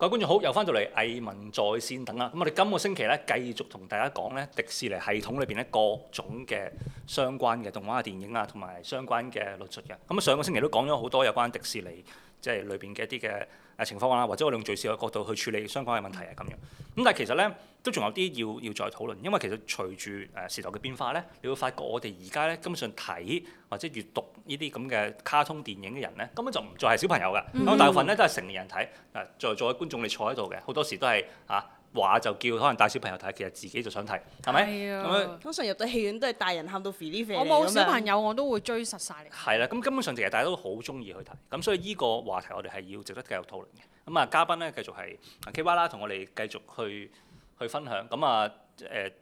各位觀眾好，又翻到嚟藝文在線等啦。咁、嗯、我哋今個星期咧繼續同大家講咧迪士尼系統裏邊咧各種嘅相關嘅動畫電影啊，同埋相關嘅論述嘅。咁、嗯、啊上個星期都講咗好多有關迪士尼即係裏邊嘅一啲嘅情況啊，或者我哋用最少嘅角度去處理相關嘅問題係咁樣。咁但係其實咧都仲有啲要要再討論，因為其實隨住誒時代嘅變化咧，你會發覺我哋而家咧根本上睇或者閱讀呢啲咁嘅卡通電影嘅人咧，根本就唔再係小朋友㗎。咁、嗯嗯、大部分咧都係成年人睇，作為作為觀眾你坐喺度嘅，好多時都係啊。話就叫可能帶小朋友睇，其實自己就想睇，係咪？係啊、咁樣通常入到戲院都係大人喊到肥嚟肥我冇小朋友這樣 我都會追實晒你係啦，咁根本上其實大家都好中意去睇，咁所以呢個話題我哋係要值得繼續討論嘅。咁啊，嘉賓咧繼續係 K Y 啦，同我哋繼續去去分享。咁啊誒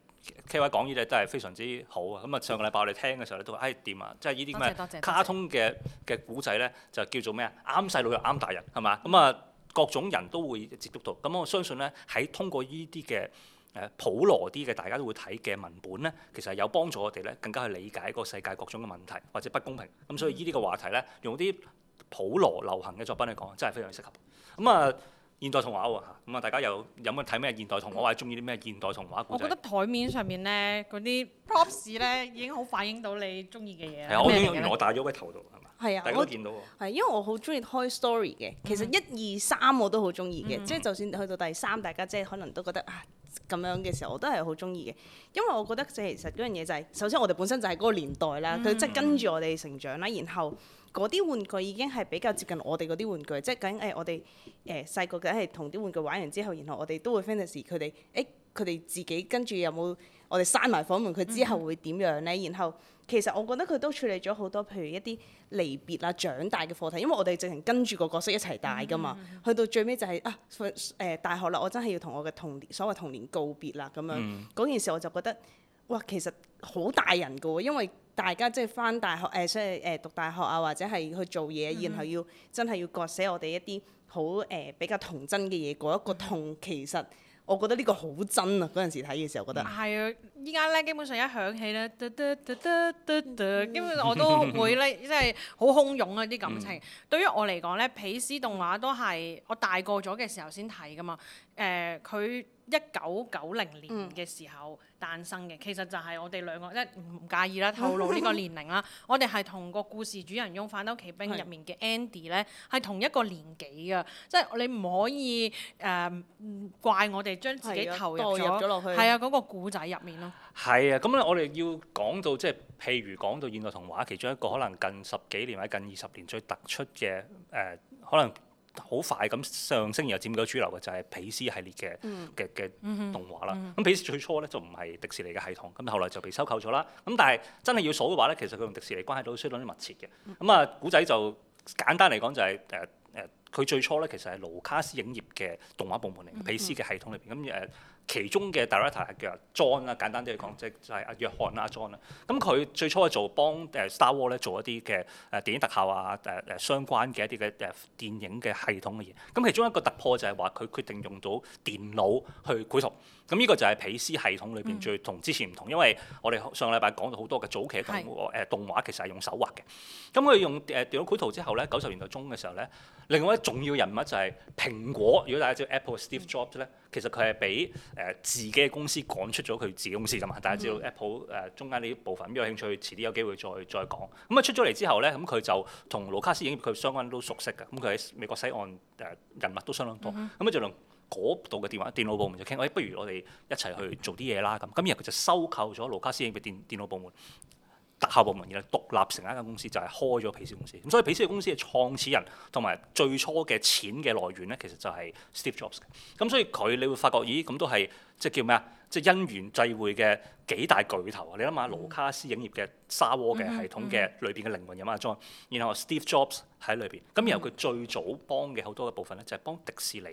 K Y 講依啲都係非常之好、哎、啊！咁啊上個禮拜我哋聽嘅時候咧都話誒掂啊，即係呢啲咁卡通嘅嘅古仔咧就叫做咩啊？啱細路又啱大人係嘛？咁啊～、嗯各種人都會接觸到，咁我相信咧喺通過呢啲嘅誒普羅啲嘅，大家都會睇嘅文本咧，其實係有幫助我哋咧，更加去理解個世界各種嘅問題或者不公平。咁所以呢啲嘅話題咧，用啲普羅流行嘅作品嚟講，真係非常適合。咁、嗯、啊，現代童話喎嚇，咁啊大家有有冇睇咩現代童話，或者中意啲咩現代童話？我覺得台面上面咧嗰啲 props 咧已經好反映到你中意嘅嘢。係啊， 我原來我戴咗喺頭度。係啊，我見到係因為我好中意開 story 嘅，嗯、其實一二三我都好中意嘅，即係、嗯、就，就算去到第三，大家即係可能都覺得啊咁樣嘅時候，我都係好中意嘅，因為我覺得即其實嗰樣嘢就係、是，首先我哋本身就係嗰個年代啦，佢即係跟住我哋成長啦，嗯、然後嗰啲玩具已經係比較接近我哋嗰啲玩具，即係咁誒，我哋誒細個梗係同啲玩具玩完之後，然後我哋都會 fantasy 佢哋，誒佢哋自己跟住有冇我哋閂埋房門，佢之後會點樣咧、嗯？然後。其實我覺得佢都處理咗好多，譬如一啲離別啊、長大嘅課題，因為我哋直情跟住個角色一齊大㗎嘛，mm hmm. 去到最尾就係、是、啊誒、呃、大學啦，我真係要我同我嘅童年所謂童年告別啦咁樣。嗰、mm hmm. 件事我就覺得，哇，其實好大人㗎喎，因為大家即係返大學誒，即係誒讀大學啊，或者係去做嘢，mm hmm. 然後要真係要割捨我哋一啲好誒比較童真嘅嘢，嗰一個痛其實。我覺得呢個好真啊！嗰陣時睇嘅時候，覺得係啊、嗯！依家咧基本上一響起咧，基本上我都會咧，即係好洶湧啊啲感情。嗯、對於我嚟講咧，彼思動畫都係我大個咗嘅時候先睇噶嘛。誒，佢一九九零年嘅時候誕生嘅，嗯、其實就係我哋兩個，即係唔介意啦，透露呢個年齡啦。 我哋係同個故事主人翁《反斗奇兵》入面嘅 Andy 咧，係是同一個年紀嘅，即係你唔可以誒、呃、怪我哋將自己投入咗落、啊、去，係啊，嗰、那個故仔入面咯。係啊，咁咧我哋要講到即係、就是、譬如講到現代童話，其中一個可能近十幾年或者近二十年最突出嘅誒、呃，可能。好快咁上升，又後佔到主流嘅就係彼思系列嘅嘅嘅動畫啦。咁彼、嗯嗯、思最初咧就唔係迪士尼嘅系統，咁後來就被收購咗啦。咁但係真係要數嘅話咧，其實佢同迪士尼關係都相當之密切嘅。咁啊、嗯，古仔、嗯、就簡單嚟講就係誒誒，佢、呃呃、最初咧其實係盧卡斯影業嘅動畫部門嚟，彼思嘅系統裏邊咁誒。嗯呃其中嘅 director 係叫 John 啦，簡單啲嚟講，即係就係、是、阿約翰啦，John 啦。咁佢最初係做幫誒 Star Wars 咧做一啲嘅誒電影特效啊，誒誒相關嘅一啲嘅誒電影嘅系統嘅嘢。咁其中一個突破就係話佢決定用到電腦去繪圖。咁呢個就係彼思系統裏邊最同、嗯、之前唔同，因為我哋上禮拜講咗好多嘅早期嘅誒動畫其實係用手畫嘅。咁佢是用誒電腦繪圖之後咧，九十年代中嘅時候咧，另外一重要人物就係蘋果，如果大家知 Apple Steve Jobs 咧，其實佢係俾誒、呃、自己嘅公司趕出咗佢自己公司㗎嘛，大家知道 Apple 誒、呃、中間呢啲部分，如有興趣，遲啲有機會再再講。咁、嗯、啊出咗嚟之後咧，咁、嗯、佢就同盧卡斯影業佢相關都熟悉㗎。咁佢喺美國西岸誒、呃、人物都相當多。咁佢、嗯哼嗯、就同嗰度嘅電話電腦部門就傾，誒、哎、不如我哋一齊去做啲嘢啦咁。今日佢就收購咗盧卡斯影嘅電電腦部門。特效部門而係獨立成一間公司，就係開咗彼思公司。咁所以彼思公司嘅創始人同埋最初嘅錢嘅來源呢，其實就係 Steve Jobs。咁所以佢你會發覺，咦咁都係。即係叫咩啊？即係因緣際會嘅幾大巨頭，你諗下，盧卡斯影業嘅沙窩嘅系統嘅、嗯、裏邊嘅靈魂有乜裝，然後 Steve Jobs 喺裏邊，咁然後佢最早幫嘅好多嘅部分咧，就係幫迪士尼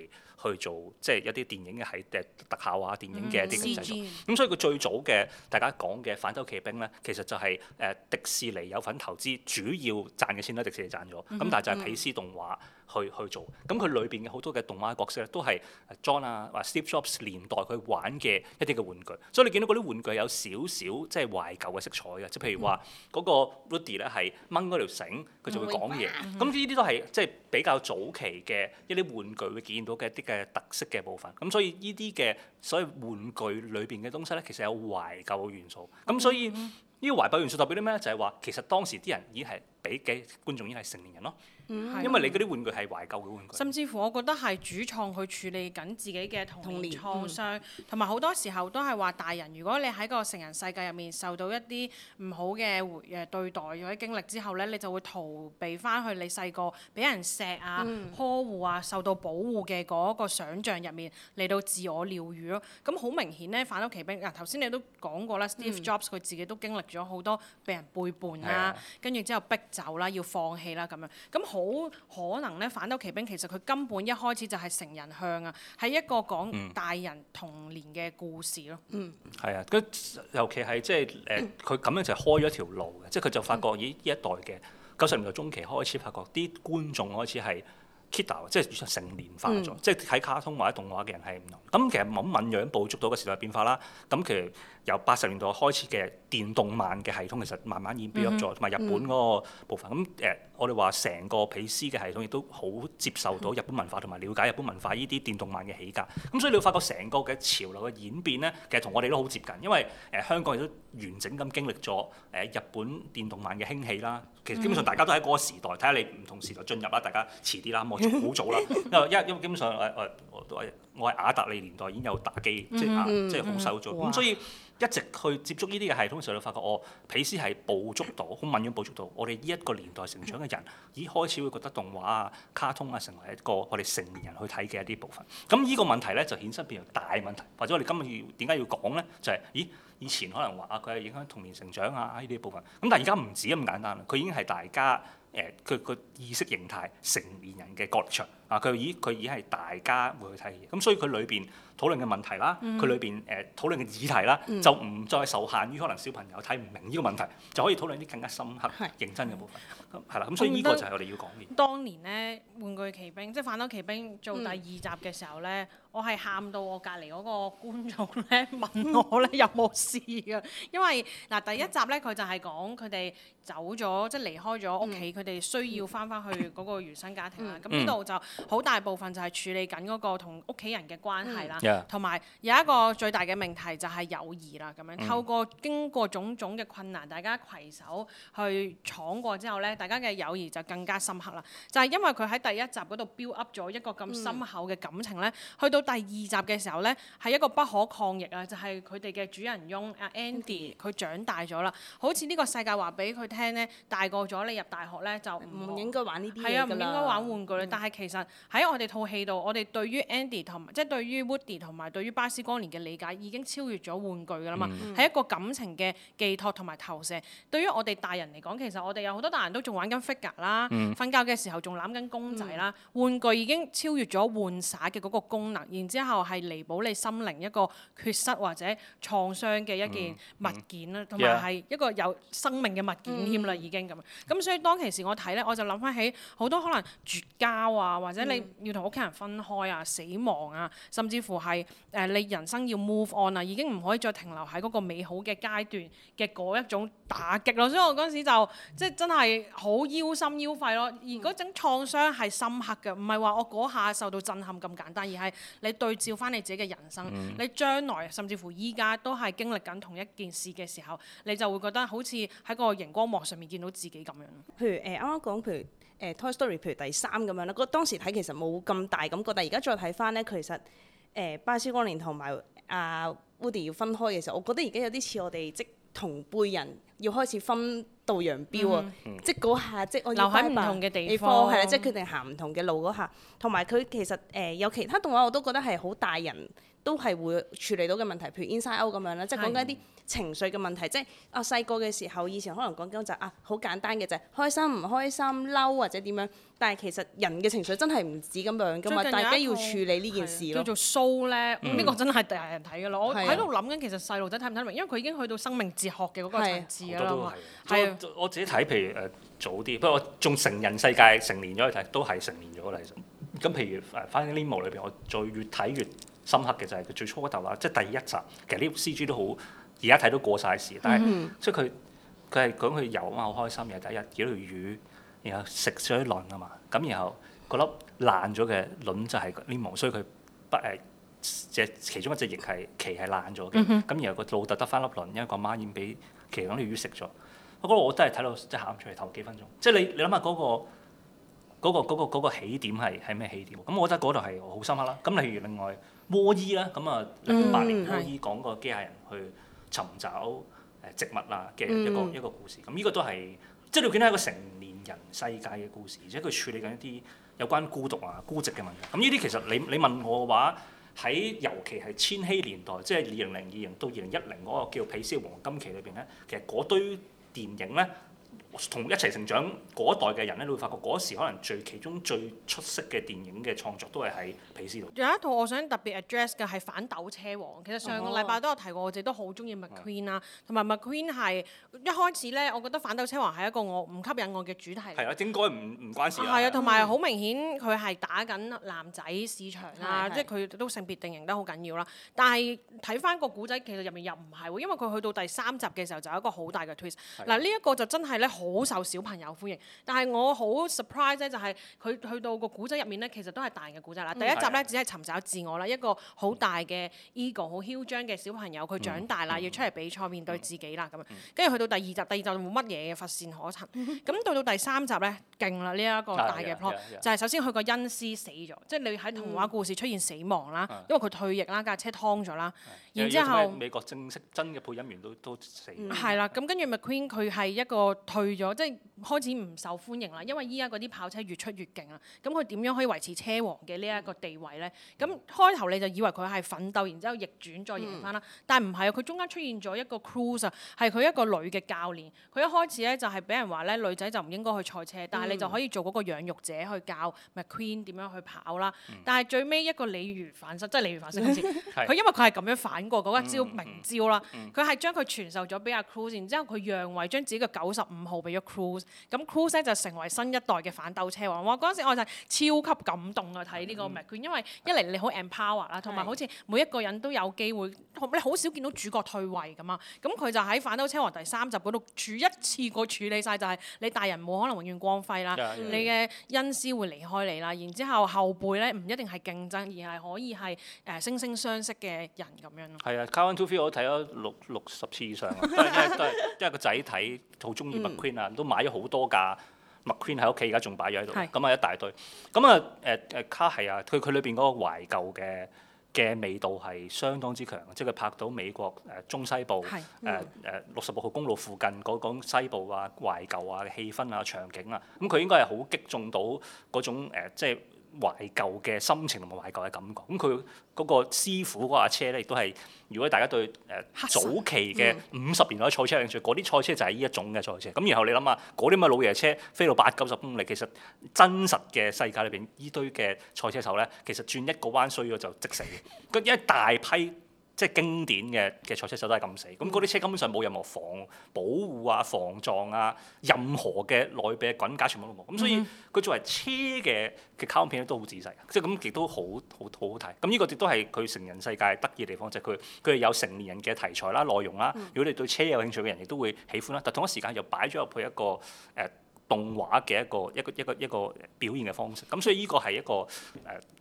去做即係一啲電影嘅喺特效啊、電影嘅一啲嘅製作。咁、嗯、所以佢最早嘅大家講嘅反斗奇兵咧，其實就係、是、誒、呃、迪士尼有份投資，主要賺嘅錢都迪士尼賺咗。咁、嗯嗯、但係就彼思動畫。去去做，咁佢裏邊嘅好多嘅動畫角色咧，都係 John 啊或 Steve Jobs 年代去玩嘅一啲嘅玩具，所以你見到嗰啲玩具有少少即係懷舊嘅色彩嘅，即譬如話嗰、嗯、個 Rudy 咧係掹嗰條繩，佢就會講嘢，咁呢啲都係即係比較早期嘅一啲玩具會見到嘅一啲嘅特色嘅部分。咁所以呢啲嘅所謂玩具裏邊嘅東西咧，其實有懷舊嘅元素。咁所以呢、嗯、個懷舊元素代表啲咩咧？就係、是、話其實當時啲人已經係。俾嘅觀眾已經係成年人咯，嗯、因為你嗰啲玩具係懷舊嘅玩具。甚至乎我覺得係主創去處理緊自己嘅童年，童年、嗯、創傷，同埋好多時候都係話大人，如果你喺個成人世界入面受到一啲唔好嘅回誒對待或者經歷之後咧，你就會逃避翻去你細個俾人錫啊、嗯、呵護啊、受到保護嘅嗰個想像入面嚟到自我療愈咯。咁好明顯咧，《反斗奇兵》嗱頭先你都講過啦、嗯、，Steve Jobs 佢自己都經歷咗好多俾人背叛啊。啊跟住之後逼。走啦，要放棄啦，咁樣咁好可能咧，《反斗奇兵》其實佢根本一開始就係成人向啊，係一個講大人童年嘅故事咯。嗯，係啊、嗯，尤其係即係誒，佢、呃、咁樣就開咗一條路嘅，嗯、即係佢就發覺咦，呢一代嘅九十年代中期開始發覺啲觀眾開始係 k i d d a h 即係成年化咗，嗯、即係睇卡通或者動畫嘅人係唔同。咁、嗯嗯、其實敏敏樣捕，捕捉到嘅時代變化啦。咁其實。由八十年代開始嘅電動漫嘅系統，其實慢慢演變咗，同埋、嗯、日本嗰個部分。咁誒、嗯，我哋話成個彼思嘅系統亦都好接受到日本文化，同埋了解日本文化呢啲電動漫嘅起家。咁、嗯、所以你會發覺成個嘅潮流嘅演變咧，其實同我哋都好接近，因為誒、呃、香港亦都完整咁經歷咗誒、呃、日本電動漫嘅興起啦。其實基本上大家都喺嗰個時代，睇下你唔同時代進入啦，嗯、大家遲啲啦， 我好早啦。因為因為基本上誒誒我都係。我係亞達利年代已經有打機，即係即係好受眾，咁、嗯嗯嗯嗯嗯、所以一直去接觸呢啲嘢係，通常你發覺哦，彼思係捕捉到，好敏銳捕捉到。我哋呢一個年代成長嘅人，已咦開始會覺得動畫啊、卡通啊成為一個我哋成年人去睇嘅一啲部分。咁呢個問題咧就衍生變大問題，或者我哋今日要點解要講咧，就係、是、咦以前可能話啊佢係影響童年成長啊呢啲、啊、部分，咁但係而家唔止咁簡單啦，佢已經係大家誒佢個意識形態成年人嘅角力場。啊！佢已佢已係大家會去睇嘢，咁所以佢裏邊討論嘅問題啦，佢裏邊誒討論嘅議題啦，就唔再受限於可能小朋友睇唔明呢個問題，就可以討論啲更加深刻、認真嘅部分。咁係啦，咁所以呢個就係我哋要講嘅。當年咧，玩具奇兵即係反斗奇兵做第二集嘅時候咧，我係喊到我隔離嗰個觀眾咧問我咧有冇事嘅，因為嗱第一集咧佢就係講佢哋走咗，即係離開咗屋企，佢哋需要翻翻去嗰個原生家庭啦。咁呢度就好大部分就係處理緊嗰個同屋企人嘅關係啦，同埋、嗯、有一個最大嘅命題就係友誼啦。咁樣、嗯、透過經過種種嘅困難，大家攜手去闖過之後咧，大家嘅友誼就更加深刻啦。就係、是、因為佢喺第一集嗰度 build up 咗一個咁深厚嘅感情咧，嗯、去到第二集嘅時候咧，係一個不可抗逆啊！就係佢哋嘅主人翁阿 Andy，佢、嗯、長大咗啦，好似呢個世界話俾佢聽咧，大個咗你入大學咧就唔應該玩呢啲嘢㗎啦，唔應該玩玩具啦。嗯、但係其實喺我哋套戲度，我哋對於 Andy 同埋即係對於 Woody 同埋對於巴斯光年嘅理解已經超越咗玩具㗎啦嘛，係、嗯、一個感情嘅寄託同埋投射。對於我哋大人嚟講，其實我哋有好多大人都仲玩緊 figure 啦、嗯，瞓覺嘅時候仲攬緊公仔啦，嗯、玩具已經超越咗玩耍嘅嗰個功能，然之後係彌補你心靈一個缺失或者創傷嘅一件物件啦，同埋係一個有生命嘅物件添啦，嗯嗯、已經咁。咁所以當其時我睇咧，我就諗翻起好多可能絕交啊，或者你要同屋企人分開啊、死亡啊，甚至乎係誒、呃、你人生要 move on 啊，已經唔可以再停留喺嗰個美好嘅階段嘅嗰一種打擊咯。所以我嗰陣時就即係真係好腰心腰肺咯，而嗰種創傷係深刻嘅，唔係話我嗰下受到震撼咁簡單，而係你對照翻你自己嘅人生，嗯、你將來甚至乎依家都係經歷緊同一件事嘅時候，你就會覺得好似喺個熒光幕上面見到自己咁樣。譬如誒，啱啱講譬如。呃剛剛誒、欸、Toy Story 譬如第三咁樣啦。嗰當時睇其實冇咁大感覺，但係而家再睇返咧，其實誒、欸、巴斯光年同埋阿 Woody 要分開嘅時候，我覺得而家有啲似我哋即同輩人要開始分道揚鑣啊！嗯嗯、即嗰下即我留喺唔同嘅地方，係啦，即決定行唔同嘅路嗰下，同埋佢其實誒、呃、有其他動畫我都覺得係好大人。都係會處理到嘅問題，譬如 Inside Out 咁樣啦。即係講緊一啲情緒嘅問題，即、就、係、是、啊細個嘅時候，以前可能講緊就啊好簡單嘅就係開心唔開心嬲或者點樣，但係其實人嘅情緒真係唔止咁樣噶嘛，大家要處理呢件事咯。叫做 Soul 咧，呢、嗯嗯、個真係大人睇噶啦。我喺度諗緊，其實細路仔睇唔睇明，因為佢已經去到生命哲學嘅嗰個層次啦我自己睇，譬如誒、呃、早啲，不過我仲成人世界成年咗去睇都係成年咗啦。其實咁譬如翻《Limbo、啊》裏邊，我再越睇越。深刻嘅就係佢最初嗰頭啦，即係第一集，其實啲 C G 都好，而家睇都過晒時，但係、嗯、哼即係佢佢係講佢遊啊嘛，好開心，嘅。第一日見到條魚，然後食咗啲卵啊嘛，咁然後嗰粒爛咗嘅卵就係 Nemo，所以佢不誒只其中一隻翼係鰭係爛咗嘅，咁、嗯、哼然後個老竇得返粒卵，因為個媽已經俾其中一條魚食咗。嗰個我真係睇到即係喊出嚟頭幾分鐘，即係你你諗下嗰、那個嗰、那個嗰、那個那個那個那個起點係係咩起點？咁我覺得嗰度係好深刻啦。咁例如另外。《沃伊》啦，咁啊，零八年《沃伊》講個機械人去尋找誒植物啊嘅一個一個故事，咁呢、嗯嗯嗯、個都係，即係你見到係一個成年人世界嘅故事，而且佢處理緊一啲有關孤獨啊、孤寂嘅問題。咁呢啲其實你你問我嘅話，喺尤其係千禧年代，即係二零零二年到二零一零嗰個叫彼思嘅黃金期裏邊咧，其實嗰堆電影咧。同一齊成長嗰一代嘅人咧，你會發覺嗰時可能最其中最出色嘅電影嘅創作都係喺彼思度。有一套我想特別 address 嘅係《反斗車王》，其實上個禮拜都有提過，我哋都好中意麥 Queen 啦、啊，同埋麥 Queen 係一開始咧，我覺得《反斗車王》係一個我唔吸引我嘅主題。係啊，應該唔唔關事啊。啊的，同埋好明顯佢係打緊男仔市場啦，即係佢都性別定型得好緊要啦。但係睇翻個古仔其實入面又唔係，因為佢去到第三集嘅時候就有一個好大嘅 twist 的。嗱呢一個就真係咧。好受小朋友歡迎，但係我好 surprise 咧，就係佢去到個古仔入面咧，其實都係大人嘅古仔啦。第一集咧，只係尋找自我啦，一個好大嘅 ego、好囂張嘅小朋友，佢長大啦，要出嚟比賽，面對自己啦咁。跟住去到第二集，第二集冇乜嘢嘅伏線可尋。咁到到第三集咧，勁啦！呢一個大嘅 plot 就係首先佢個恩師死咗，即係你喺童話故事出現死亡啦，因為佢退役啦，架車劏咗啦，然之後美國正式真嘅配音員都都死。係啦，咁跟住 McQueen 佢係一個退咗即係開始唔受歡迎啦，因為依家嗰啲跑車越出越勁啊，咁佢點樣可以維持車王嘅呢一個地位咧？咁開頭你就以為佢係奮鬥，然之後逆轉再贏翻啦，嗯、但唔係啊！佢中間出現咗一個 Cruiser，係佢一個女嘅教練。佢一開始咧就係俾人話咧女仔就唔應該去賽車，嗯、但係你就可以做嗰個養育者去教 McQueen 點樣去跑啦。嗯、但係最尾一個鯉魚反身，即係鯉魚反身嗰陣佢因為佢係咁樣反過嗰一招明招啦，佢係、嗯嗯、將佢傳授咗俾阿 Cruiser 然之後佢讓位，將自己嘅九十五號。咪咗 Cruise，咁 Cruise 就成為新一代嘅反斗車王。哇！嗰陣時我就超級感動啊，睇呢個 McQueen，因為一嚟你 Emp ower，好 empower 啦，同埋好似每一個人都有機會，你好少見到主角退位噶嘛。咁佢就喺反斗車王第三集嗰度處一次過處理晒，就係你大人冇可能永遠光輝啦，yeah, yeah, yeah, yeah。你嘅恩師會離開你啦。然之後後輩咧唔一定係競爭，而係可以係誒惺惺相惜嘅人咁樣。係啊、yeah，《Car One Two Three》我都睇咗六六十次以上，因為因為因為個仔睇好中意 McQueen。都買咗好多架 McQueen 喺屋企，而家仲擺咗喺度，咁啊是一大堆。咁、嗯、啊誒誒、啊，卡係啊，佢佢裏邊嗰個懷舊嘅嘅味道係相當之強，即係佢拍到美國誒、呃、中西部，誒誒六十六號公路附近嗰種西部啊懷舊啊氣氛啊場景啊，咁、嗯、佢應該係好擊中到嗰種、呃、即係。懷舊嘅心情同埋懷舊嘅感覺，咁佢嗰個師傅嗰架車咧，亦都係如果大家對誒、呃、神早期嘅五十年代賽車興趣，嗰啲、嗯、賽車就係呢一種嘅賽車。咁然後你諗下，嗰啲咁嘅老爺車飛到八九十公里，其實真實嘅世界裏邊，呢堆嘅賽車手咧，其實轉一個彎衰咗就即死嘅。 一大批。即係經典嘅嘅賽車手都係咁死，咁嗰啲車根本上冇任何防保護啊、防撞啊、任何嘅內壁滾架全部都冇，咁所以佢作為車嘅嘅、嗯、卡通片咧都好仔細，即係咁亦都好好好睇。咁呢個亦都係佢成人世界得意嘅地方，就係佢佢係有成年人嘅題材啦、內容啦。如果你對車有興趣嘅人亦都會喜歡啦。但同一時間又擺咗入去一個誒、呃、動畫嘅一個一個一個一個表現嘅方式。咁所以呢個係一個誒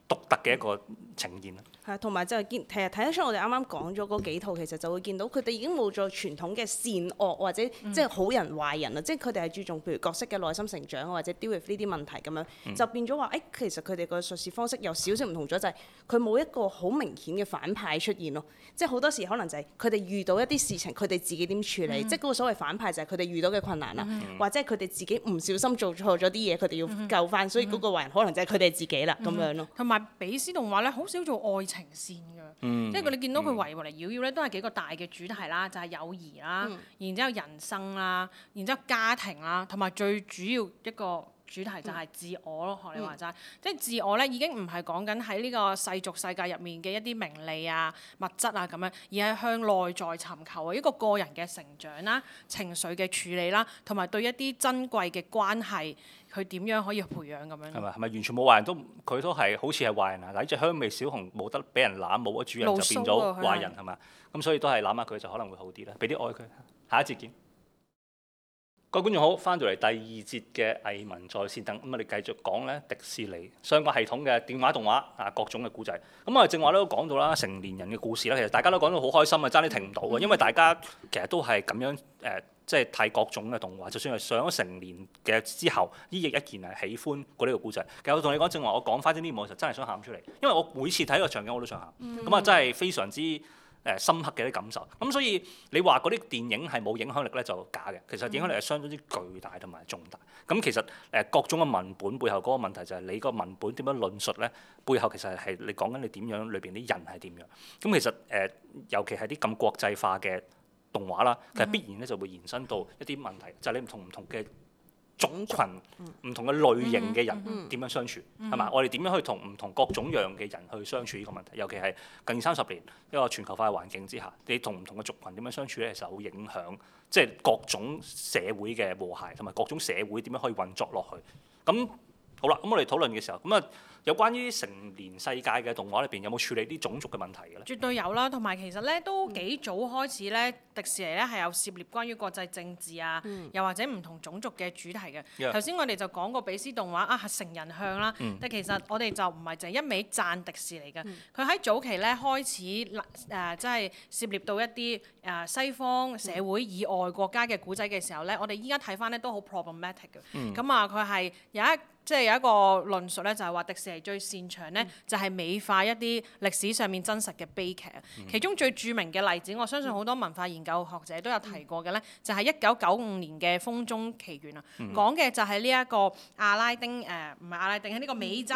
獨、呃、特嘅一個呈現啦。係，同埋即係見睇得出，我哋啱啱講咗嗰幾套，其實就會見到佢哋已經冇咗傳統嘅善惡或者即係好人壞人啦。即係佢哋係注重譬如角色嘅內心成長或者 deal with 呢啲問題咁樣，就變咗話誒，其實佢哋個敘事方式有少少唔同咗，就係佢冇一個好明顯嘅反派出現咯。即係好多時可能就係佢哋遇到一啲事情，佢哋自己點處理？嗯、即係嗰個所謂反派就係佢哋遇到嘅困難啦，嗯、或者係佢哋自己唔小心做錯咗啲嘢，佢哋要救翻，所以嗰個壞人可能就係佢哋自己啦咁、嗯、樣咯。同、嗯、埋、嗯、彼思動畫咧，好少做愛情線㗎，嗯、即係你見到佢圍圍嚟繞來繞咧，都係幾個大嘅主題啦，就係、是、友誼啦，嗯、然之後人生啦，然之後家庭啦，同埋最主要一個主題就係自我咯。學、嗯、你話齋，嗯、即係自我咧，已經唔係講緊喺呢個世俗世界入面嘅一啲名利啊、物質啊咁樣，而係向內在尋求一個個人嘅成長啦、情緒嘅處理啦，同埋對一啲珍貴嘅關係。佢點樣可以培養咁樣？係咪係咪完全冇壞人都佢都係好似係壞人啊？例如隻香味小熊冇得俾人攬，冇咗主人就變咗壞人係嘛？咁所以都係攬下佢就可能會好啲啦，俾啲愛佢。下一節見，嗯、各位觀眾好，翻到嚟第二節嘅藝文在線等，咁我哋繼續講咧迪士尼相關系統嘅電話動畫啊，各種嘅故仔。咁啊，正話都講到啦，成年人嘅故事啦，其實大家都講到好開心啊，爭啲停唔到啊，因為大家其實都係咁樣誒。即係睇各種嘅動畫，就算係上咗成年嘅之後，依然依然係喜歡嗰呢個故仔。其實我同你講正話，我講翻啲呢幕，我就真係想喊出嚟，因為我每次睇個場景，我都想喊。咁啊、嗯哼，真係非常之誒、呃、深刻嘅啲感受。咁所以你話嗰啲電影係冇影響力咧，就假嘅。其實影響力係相當之巨大同埋重大。咁其實誒、呃、各種嘅文本背後嗰個問題就係你個文本點樣論述咧？背後其實係你講緊你點樣裏邊啲人係點樣。咁其實誒、呃，尤其係啲咁國際化嘅。動畫啦，其實必然咧就會延伸到一啲問題，就係、是、你唔同唔同嘅種群、唔、嗯、同嘅類型嘅人點樣相處，係嘛、嗯嗯嗯？我哋點樣去同唔同各種各樣嘅人去相處呢個問題？尤其係近三十年一個全球化嘅環境之下，你同唔同嘅族群點樣相處咧，其實好影響，即、就、係、是、各種社會嘅和諧同埋各種社會點樣可以運作落去。咁好啦，咁我哋討論嘅時候，咁啊。有關於成年世界嘅動畫裏邊，有冇處理啲種族嘅問題嘅咧？絕對有啦，同埋其實咧都幾早開始咧，嗯、迪士尼咧係有涉獵關於國際政治啊，又或者唔同種族嘅主題嘅。頭先、嗯、我哋就講過彼思動畫啊，成人向啦，嗯、但其實我哋就唔係淨係一味讚迪士尼嘅，佢喺、嗯、早期咧開始誒即係涉獵到一啲誒、呃、西方社會以外國家嘅古仔嘅時候咧，我哋依家睇翻咧都好 problematic 嘅。咁啊、嗯，佢係、嗯、有一。嗯即係有一個論述咧，就係話迪士尼最擅長咧，就係美化一啲歷史上面真實嘅悲劇。其中最著名嘅例子，我相信好多文化研究學者都有提過嘅咧，就係一九九五年嘅《風中奇緣》啊，講嘅就係呢一個阿拉丁誒，唔、呃、唔係阿拉丁喺呢個美洲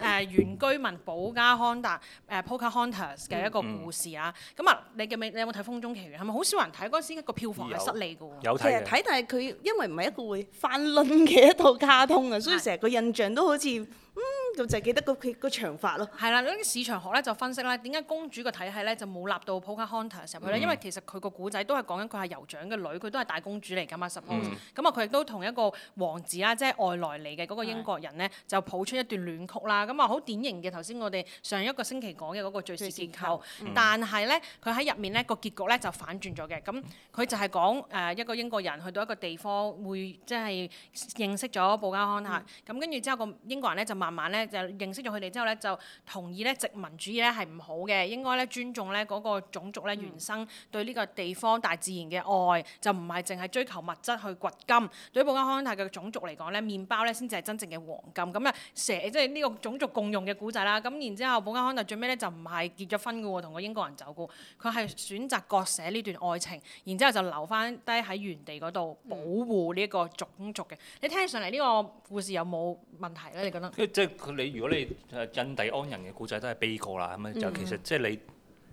誒原居民保加康達誒、 uh, Pocahontas 嘅一個故事啊。咁啊，你嘅你有冇睇《風中奇緣》？係咪好少人睇？嗰陣時一個票房係失利嘅喎，有睇。其實睇，但係佢因為唔係一個會翻論嘅一套卡通啊，所以成日印象都好似。嗯就就係記得、個佢、個長髮咯。係啦，嗰啲市場學咧就分析咧，點解公主個體系咧就冇立到布加康泰入去咧？嗯、因為其實佢個古仔都係講緊佢係酋長嘅女，佢都係大公主嚟㗎嘛。Suppose 咁啊，佢亦都同一個王子啦，即、就、係、係、外來嚟嘅嗰個英國人咧，的就抱出一段戀曲啦。咁啊，好典型嘅頭先我哋上一個星期講嘅嗰個敘事結構。但係咧，佢喺入面咧個結局咧就反轉咗嘅。咁佢就係講誒一個英國人去到一個地方，會即係認識咗布加康泰。咁跟住之後，個英國人咧就慢慢咧。就認識咗佢哋之後咧，就同意咧殖民主義咧係唔好嘅，應該咧尊重咧嗰個種族咧原生對呢個地方大自然嘅愛，嗯、就唔係淨係追求物質去掘金。對於保加康泰嘅種族嚟講咧，麪包咧先至係真正嘅黃金。咁啊寫即係呢個種族共用嘅古仔啦。咁然之後保加康泰最尾咧就唔係結咗婚㗎喎，同個英國人走㗎。佢係選擇割捨呢段愛情，然之後就留翻低喺原地嗰度保護呢一個種族嘅。嗯、你聽起上嚟呢個故事有冇問題咧？你覺得？即你如果你印第安人嘅故仔都係悲歌啦，咁樣就其實即係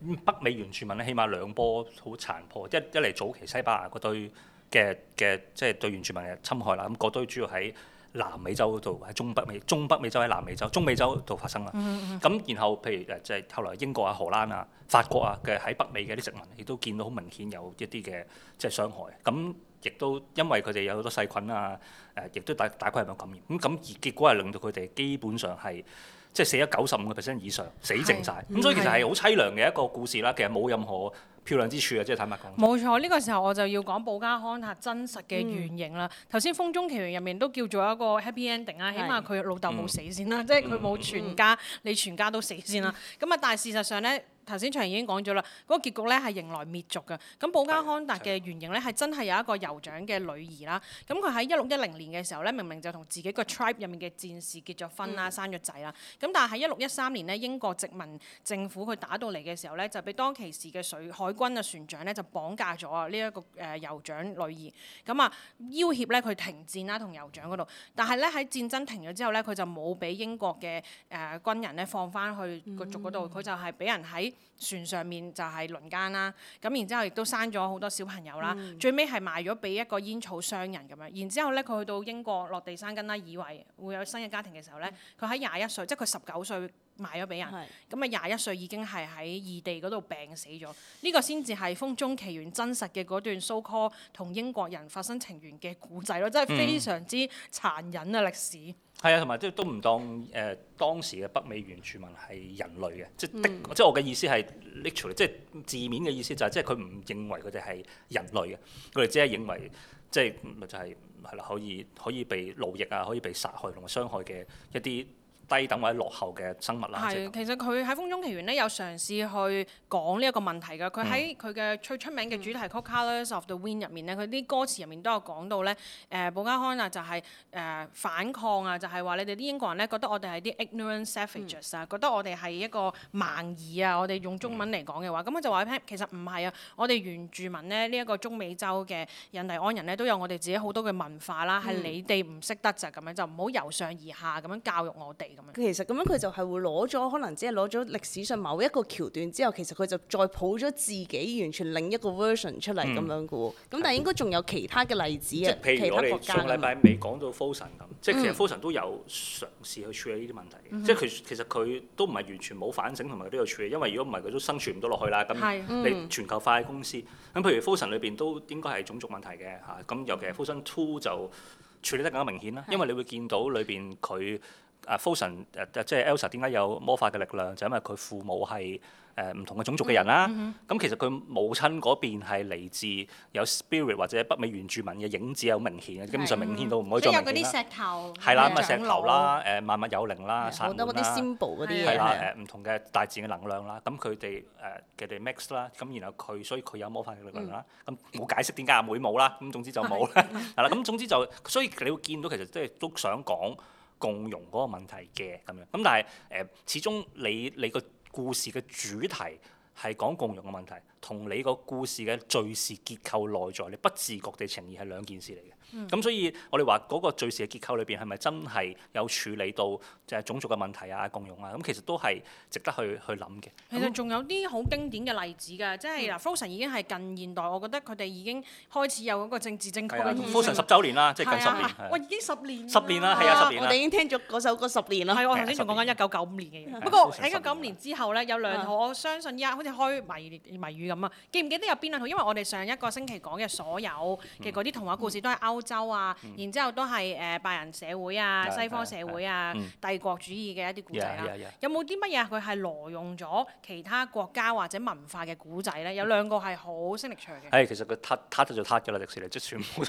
你北美原住民咧，起碼兩波好殘破，一一嚟早期西班牙個堆嘅嘅，即係、就是、對原住民嘅侵害啦。咁個堆主要喺南美洲度，喺中北美、中北美洲喺南美洲、中美洲度發生啦。咁、嗯嗯嗯、然後譬如誒，即係後來英國啊、荷蘭啊、法國啊嘅喺北美嘅啲殖民，亦都見到好明顯有一啲嘅即係傷害。咁亦都因為佢哋有好多細菌啊，誒，亦都大大概係有感染。咁咁而結果係令到佢哋基本上係即係死咗九十五個 percent 以上，死淨晒。咁是、嗯、所以其實係好淒涼嘅一個故事啦。其實冇任何漂亮之處嘅，即係坦白講。冇錯，呢、這個時候我就要講《寶嘉康》啊，真實嘅原型啦。頭先、嗯《風中奇緣》入面都叫做一個 happy ending 啊，起碼佢老豆冇死先啦，是嗯、即係佢冇全家，嗯、你全家都死先啦。咁啊、嗯，但係事實上咧。嗯頭先長已經講咗啦，嗰、那個結局咧係迎來滅族嘅。咁保加康達嘅原型咧係真係有一個酋長嘅女兒啦。咁佢喺一六一零年嘅時候咧，明明就同自己個 tribe 入面嘅戰士結咗婚啦，嗯、生咗仔啦。咁但係喺一六一三年呢，英國殖民政府佢打到嚟嘅時候咧，就俾當其時嘅水海軍嘅船長咧就綁架咗呢一個誒酋長女兒。咁啊要挾咧佢停戰啦，同酋長嗰度。但係咧喺戰爭停咗之後咧，佢就冇俾英國嘅誒、呃、軍人咧放翻去個族嗰度，佢、嗯、就係俾人喺船上面就係輪奸啦，咁然之後亦都生咗好多小朋友啦，嗯、最尾係賣咗俾一個煙草商人咁樣，然之後咧佢去到英國落地生根啦，以為會有新嘅家庭嘅時候咧，佢喺廿一歲，即係佢十九歲賣咗俾人，咁啊廿一歲已經係喺異地嗰度病死咗，呢、呢個先至係風中奇緣真實嘅嗰段蘇科同英國人發生情緣嘅古仔咯，真係非常之殘忍啊歷史。係啊，同埋即係都唔當誒當時嘅北美原住民係人類嘅，即係的，嗯、即係我嘅意思係 literally，即係字面嘅意思就係、是、即係佢唔認為佢哋係人類嘅，佢哋只係認為即係咪就係係啦，可以可以被奴役啊，可以被殺害同埋傷害嘅一啲。低等或者落後嘅生物啦，係是、就是、其實佢喺《風中奇緣》咧有嘗試去講呢一個問題㗎。佢喺佢嘅最出名嘅主題曲《嗯、Colors of the Wind》入面咧，佢啲歌詞入面都有講到咧。誒、呃，保加康啊、就是呃，就係誒反抗啊，就係話你哋啲英國人咧覺得我哋係啲 ignorant savages 啊、嗯，覺得我哋係一個蠻夷、嗯、啊。我哋用中文嚟講嘅話，咁我就話其實唔係啊，我哋原住民咧呢一、這個中美洲嘅印第安人咧都有我哋自己好多嘅文化啦，係你哋唔識得就咁樣就唔好由上而下咁樣教育我哋。其實咁樣佢就係會攞咗，可能只係攞咗歷史上某一個橋段之後，其實佢就再抱咗自己完全另一個 version 出嚟咁樣嘅喎。咁、嗯、但係應該仲有其他嘅例子啊，譬如我哋上禮拜未講到 Frozen 咁、嗯，即係其實 Frozen 都有嘗試去處理呢啲問題嘅。嗯、哼即係其實其實佢都唔係完全冇反省同埋都有處理，因為如果唔係佢都生存唔到落去啦。咁你全球化嘅公司咁，譬如 Frozen 裏邊都應該係種族問題嘅嚇。咁尤其係 Frozen Two 就處理得更加明顯啦，是因為你會見到裏邊佢。啊，Fusion，誒即係 Elsa 點解有魔法嘅力量？就因為佢父母係誒唔同嘅種族嘅人啦。咁其實佢母親嗰邊係嚟自有 spirit 或者北美原住民嘅影子，好明顯嘅。基本上明顯到唔可以再掩飾。仲有嗰啲石頭，係啦，咁啊石頭啦，誒萬物有靈啦，好多嗰啲 symbol 嗰啲嘢。係啦，誒唔同嘅大自然嘅能量啦。咁佢哋誒佢哋 mix 啦。咁然後佢所以佢有魔法嘅力量啦。咁冇解釋點解阿妹冇啦。咁總之就冇啦。係啦。咁總之就所以你會見到其實即係都想講。共融嗰個問題嘅咁樣，咁但係誒、呃，始終你你個故事嘅主題係講共融嘅問題，同你個故事嘅敘事結構內在，你不自覺地呈現係兩件事嚟嘅。咁所以我哋話嗰個敘事嘅結構裏邊係咪真係有處理到就係種族嘅問題啊、共融啊？咁其實都係值得去去諗嘅。其實仲有啲好經典嘅例子㗎，即係嗱《Frozen》已經係近現代，我覺得佢哋已經開始有嗰個政治正確嘅同 Frozen 十週年啦，即係近十年。我已經十年。十年啦，係啊，十年啦。我哋已經聽咗嗰首歌十年啦。係，我頭先仲講緊一九九五年嘅嘢。不過喺一九九五年之後咧，有兩套，我相信依家好似開迷謎語咁。咁啊，記唔記得有邊兩套？因為我哋上一個星期講嘅所有嘅嗰啲童話故事都係歐洲啊，然之後都係誒白人社會啊、西方社會啊、帝國主義嘅一啲故仔啦。有冇啲乜嘢佢係挪用咗其他國家或者文化嘅故仔咧？有兩個係好聲力場嘅。係，其實佢塔塔就做塔嘅啦，迪士尼即係全部，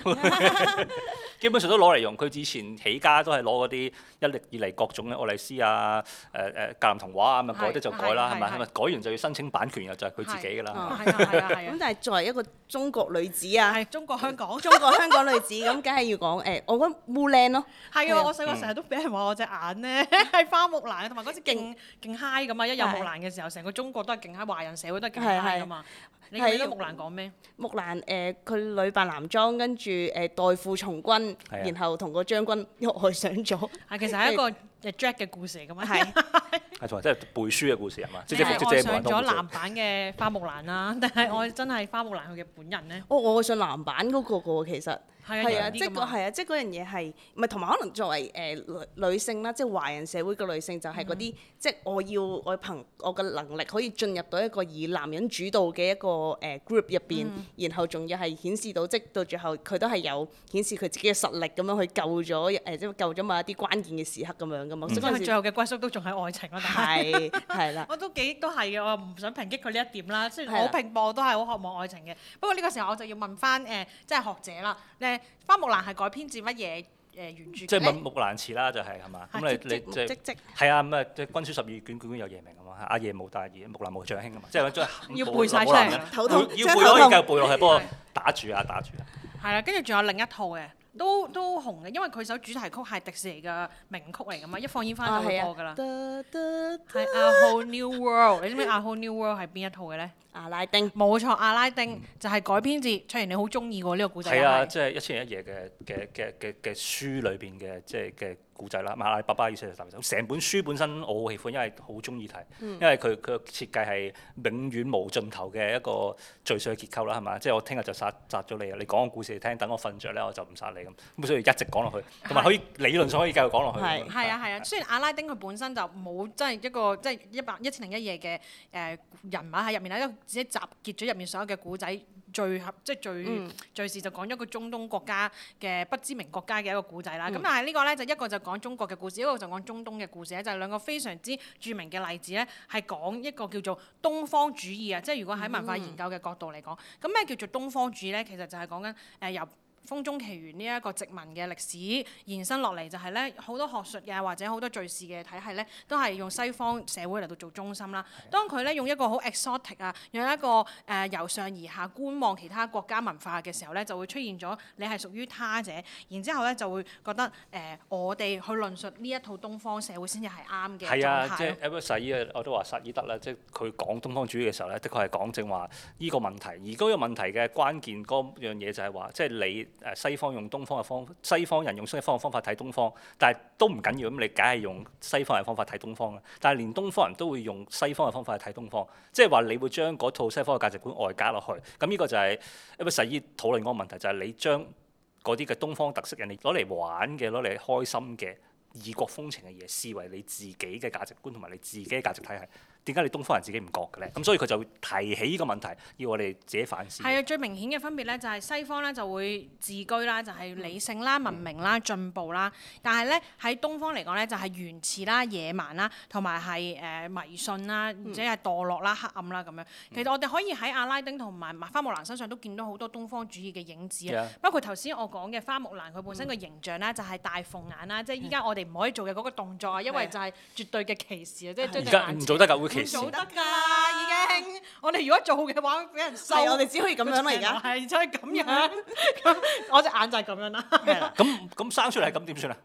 基本上都攞嚟用。佢之前起家都係攞嗰啲一歷以嚟各種嘅愛麗絲啊、誒誒格林童話啊，咪改啲就改啦，係咪？咁啊改完就要申請版權啊，就係佢自己嘅啦。係啊係啊係啊！咁 但係作為一個中國女子啊，係中國香港，中國香港女子咁，梗係要講誒、欸，我覺得木蘭咯。係 啊， 啊，我細個成日都俾人話我隻眼咧，係 花木蘭啊，同埋嗰陣勁勁 high 咁啊！一入木蘭嘅時候，成個中國都係勁嗨，i 華人社會都係勁嗨 i 噶嘛。是是是你記得木蘭講咩，啊？木蘭誒，佢、呃、女扮男裝，跟住誒、呃、代父從軍，然後同個將軍又愛上咗。啊，其實係一個、 呃。Jack 嘅故事嚟噶嘛？係係即係背書嘅故事係嘛？即係 我上咗男版嘅花木蘭啦， 但係我真係花木蘭佢嘅本人咧。 哦，我會上男版嗰個喎，其實。係啊，即係個啊，即係嗰樣嘢係，唔係同埋可能作為誒女性啦，即係華人社會嘅女性就係嗰啲，即係我要我憑我嘅能力可以進入到一個以男人主導嘅一個誒 group 入邊，然後仲要係顯示到，即到最後佢都係有顯示佢自己嘅實力咁樣去救咗誒，即係救咗某一啲關鍵嘅時刻咁樣嘅嘛。所以最後嘅歸宿都仲喺愛情嗰度。係係啦。我都幾都係嘅，我唔想抨擊佢呢一點啦。雖然我評判，我都係好渴望愛情嘅。不過呢個時候我就要問翻誒，即係學者啦，花木蘭係改編自乜嘢誒原著嘅？即係木木蘭詞啦，就係係嘛？咁你你即係係啊？咁啊，《軍書十二卷》，卷卷有爺名啊嘛？阿爺無大兒，木蘭無長兄啊嘛？即係將要背曬出嚟，要背都可以繼續背落去，不過打住啊，打住啊！係啦，跟住仲有另一套嘅，都都紅嘅，因為佢首主題曲係迪士尼嘅名曲嚟㗎嘛，一放煙花就會播㗎啦。係啊，係啊。係《A Whole New World》，你知唔知《A Whole New World》係邊一套嘅咧？阿拉丁，冇錯，阿拉丁就係改編自，雖然你好中意喎呢個故仔，係啊，即係一千零一夜嘅嘅嘅嘅嘅書裏邊嘅即係嘅古仔啦。唔係，爸爸要上成本書本身我好喜歡，因為好中意睇，嗯、因為佢佢嘅設計係永遠無盡頭嘅一個敍述嘅結構啦，係咪？即係我聽日就殺殺咗你啊！你講個故事嚟聽，等我瞓着咧我就唔殺你咁，咁所以一直講落去，同埋可以理論上可以繼續講落去。係啊係啊，雖然阿拉丁佢本身就冇即係一個即係一百一千零一夜嘅誒人物喺入面啦，自己集結咗入面所有嘅古仔，最合即係最、嗯、最時就講咗一個中東國家嘅不知名國家嘅一個古仔啦。咁、嗯、但係呢個咧就一個就講中國嘅故事，一個就講中東嘅故事咧，就係、是、兩個非常之著名嘅例子咧，係講一個叫做東方主義啊。即係如果喺文化研究嘅角度嚟講，咁咩、嗯、叫做東方主義咧？其實就係講緊誒、呃、由。風中奇緣呢一個殖民嘅歷史延伸落嚟，就是，就係咧好多學術嘅或者好多敘事嘅體系咧，都係用西方社會嚟到做中心啦。當佢咧用一個好 exotic 啊，用一個誒由上而下觀望其他國家文化嘅時候咧，就會出現咗你係屬於他者，然之後咧就會覺得誒、呃、我哋去論述呢一套東方社會先至係啱嘅係，態的。係啊心，即係 about 薩伊啊，我都話薩伊德啦，即係佢講東方主義嘅時候咧，的確係講正話呢個問題。而嗰個問題嘅關鍵嗰樣嘢就係話，即係你。誒西方用東方嘅方，西方人用西方嘅方法睇東方，但係都唔緊要。咁你梗係用西方嘅方法睇東方啦。但係連東方人都會用西方嘅方法去睇東方，即係話你會將嗰套西方嘅價值觀外加落去。咁呢個就係一為細姨討論嗰個問題，就係、是、你將嗰啲嘅東方特色人，人哋攞嚟玩嘅，攞嚟開心嘅異國風情嘅嘢，視為你自己嘅價值觀同埋你自己嘅價值體系。點解你東方人自己唔覺嘅咧？咁所以佢就會提起呢個問題，要我哋自己反思。係啊，最明顯嘅分別咧，就係西方咧就會自居啦，就係、是、理性啦、文明啦、嗯、進步啦。但係咧喺東方嚟講咧，就係原始啦、野蠻啦，同埋係誒迷信啦，嗯、或者係墮落啦、黑暗啦咁樣。其實我哋可以喺阿拉丁同埋花木蘭身上都見到好多東方主義嘅影子啊。嗯、包括頭先我講嘅花木蘭，佢本身嘅形象咧就係大鳳眼啦，即係依家我哋唔可以做嘅嗰個動作啊，因為就係絕對嘅歧視啊，即、就、係、是、唔做得㗎，會做得㗎，已經。我哋如果做嘅話，俾人係、哎、我哋只可以咁樣啦，而家係而且係咁樣。 我隻眼就係咁樣啦。咁 咁生出嚟，咁點算啊？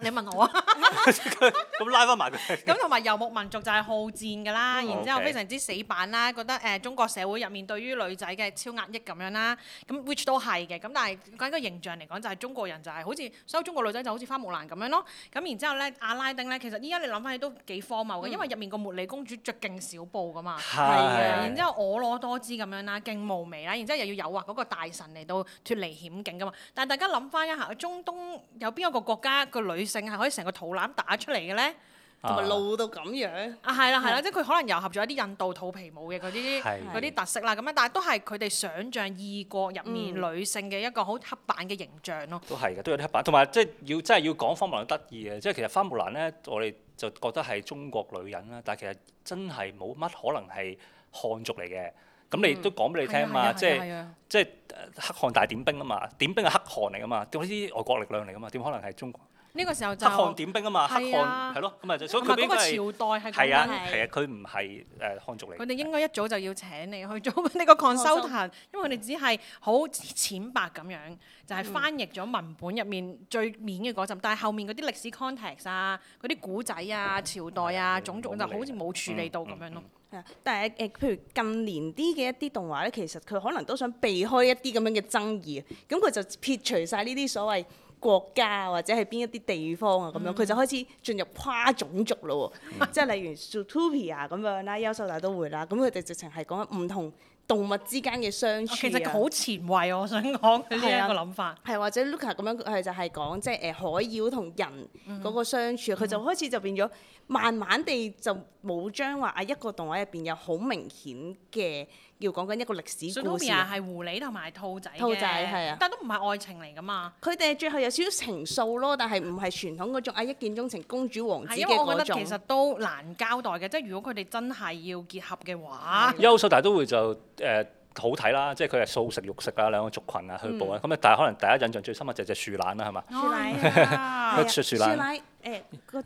你問我啊，咁拉翻埋佢。咁同埋遊牧民族就係好戰嘅啦，Okay. 然之後非常之死板啦，覺得誒中國社會入面對於女仔嘅超壓抑咁樣啦，咁 which 都係嘅。咁但係講一個形象嚟講，就係中國人就係好似所有中國女仔就好似花木蘭咁樣咯。咁然之後咧，阿拉丁咧，其實依家你諗翻起都幾荒謬嘅，嗯、因為入面個茉莉公主着勁少布噶嘛，係嘅是。然之後婀娜多姿咁樣啦，勁嫵媚啦，然之後又要誘惑嗰個大臣嚟到脱離險境噶嘛。但係大家諗翻一下，中東有邊一個國家個女？性係可以成個肚腩打出嚟嘅咧，同埋露到咁樣啊，啊，係啦係啦，啊啊、 即係佢可能融合咗一啲印度肚皮舞嘅嗰啲啲特色啦。咁樣，但係都係佢哋想像異國入面女性嘅一個好刻板嘅形象咯、嗯。都係嘅，都有啲刻板，同埋即係要真係要講花木蘭得意嘅，即係其實花木蘭咧，我哋就覺得係中國女人啦。但係其實真係冇乜可能係漢族嚟嘅。咁你都講俾你聽、嗯、的嘛？即係即係可汗大點兵啊嘛？點兵係可汗嚟噶嘛？點知外國力量嚟噶嘛？點可能係中國？呢個時候就可汗點兵啊嘛，可汗係咯，咁啊，所以佢朝代係啊，其實佢唔係誒漢族嚟嘅。佢哋應該一早就要請你去做呢個 consultant，因為佢哋只係好淺白咁樣，就係翻譯咗文本入面最面嘅嗰陣，但係後面嗰啲歷史 context 啊、嗰啲古仔啊、朝代啊，種族，就好似冇處理到咁樣咯。係啊，但係誒，譬如近年啲嘅一啲動畫咧，其實佢可能都想避開一啲咁樣嘅爭議，咁佢就撇除晒呢啲所謂。國家或者係邊一啲地方啊咁樣，佢就開始進入跨種族咯喎，嗯、即係例如 Zootopia 咁樣啦，優秀大都會啦，咁佢哋直情係講唔同動物之間嘅相處、啊，其實好前衞，我想講呢一個諗法。係或者 Luca 咁樣係就係講即係誒海妖同人嗰個、嗯嗯、相處，佢就開始就變咗，慢慢地就冇將話啊一個動畫入邊有好明顯嘅要講緊一個歷史故事。所以係狐狸同埋兔仔兔仔啊，但都唔係愛情嚟噶嘛。佢哋最後有少少情愫咯，但係唔係傳統嗰種啊一見鍾情公主王子，因為我覺得其實都難交代嘅，即係如果佢哋真係要結合嘅話，優秀但係都會就。誒好睇啦，即係佢係素食肉食啊兩個族群啊去捕啊，咁咧但係可能大家印象最深啊就係隻樹懶啦，係嘛？樹懶啊！樹懶誒，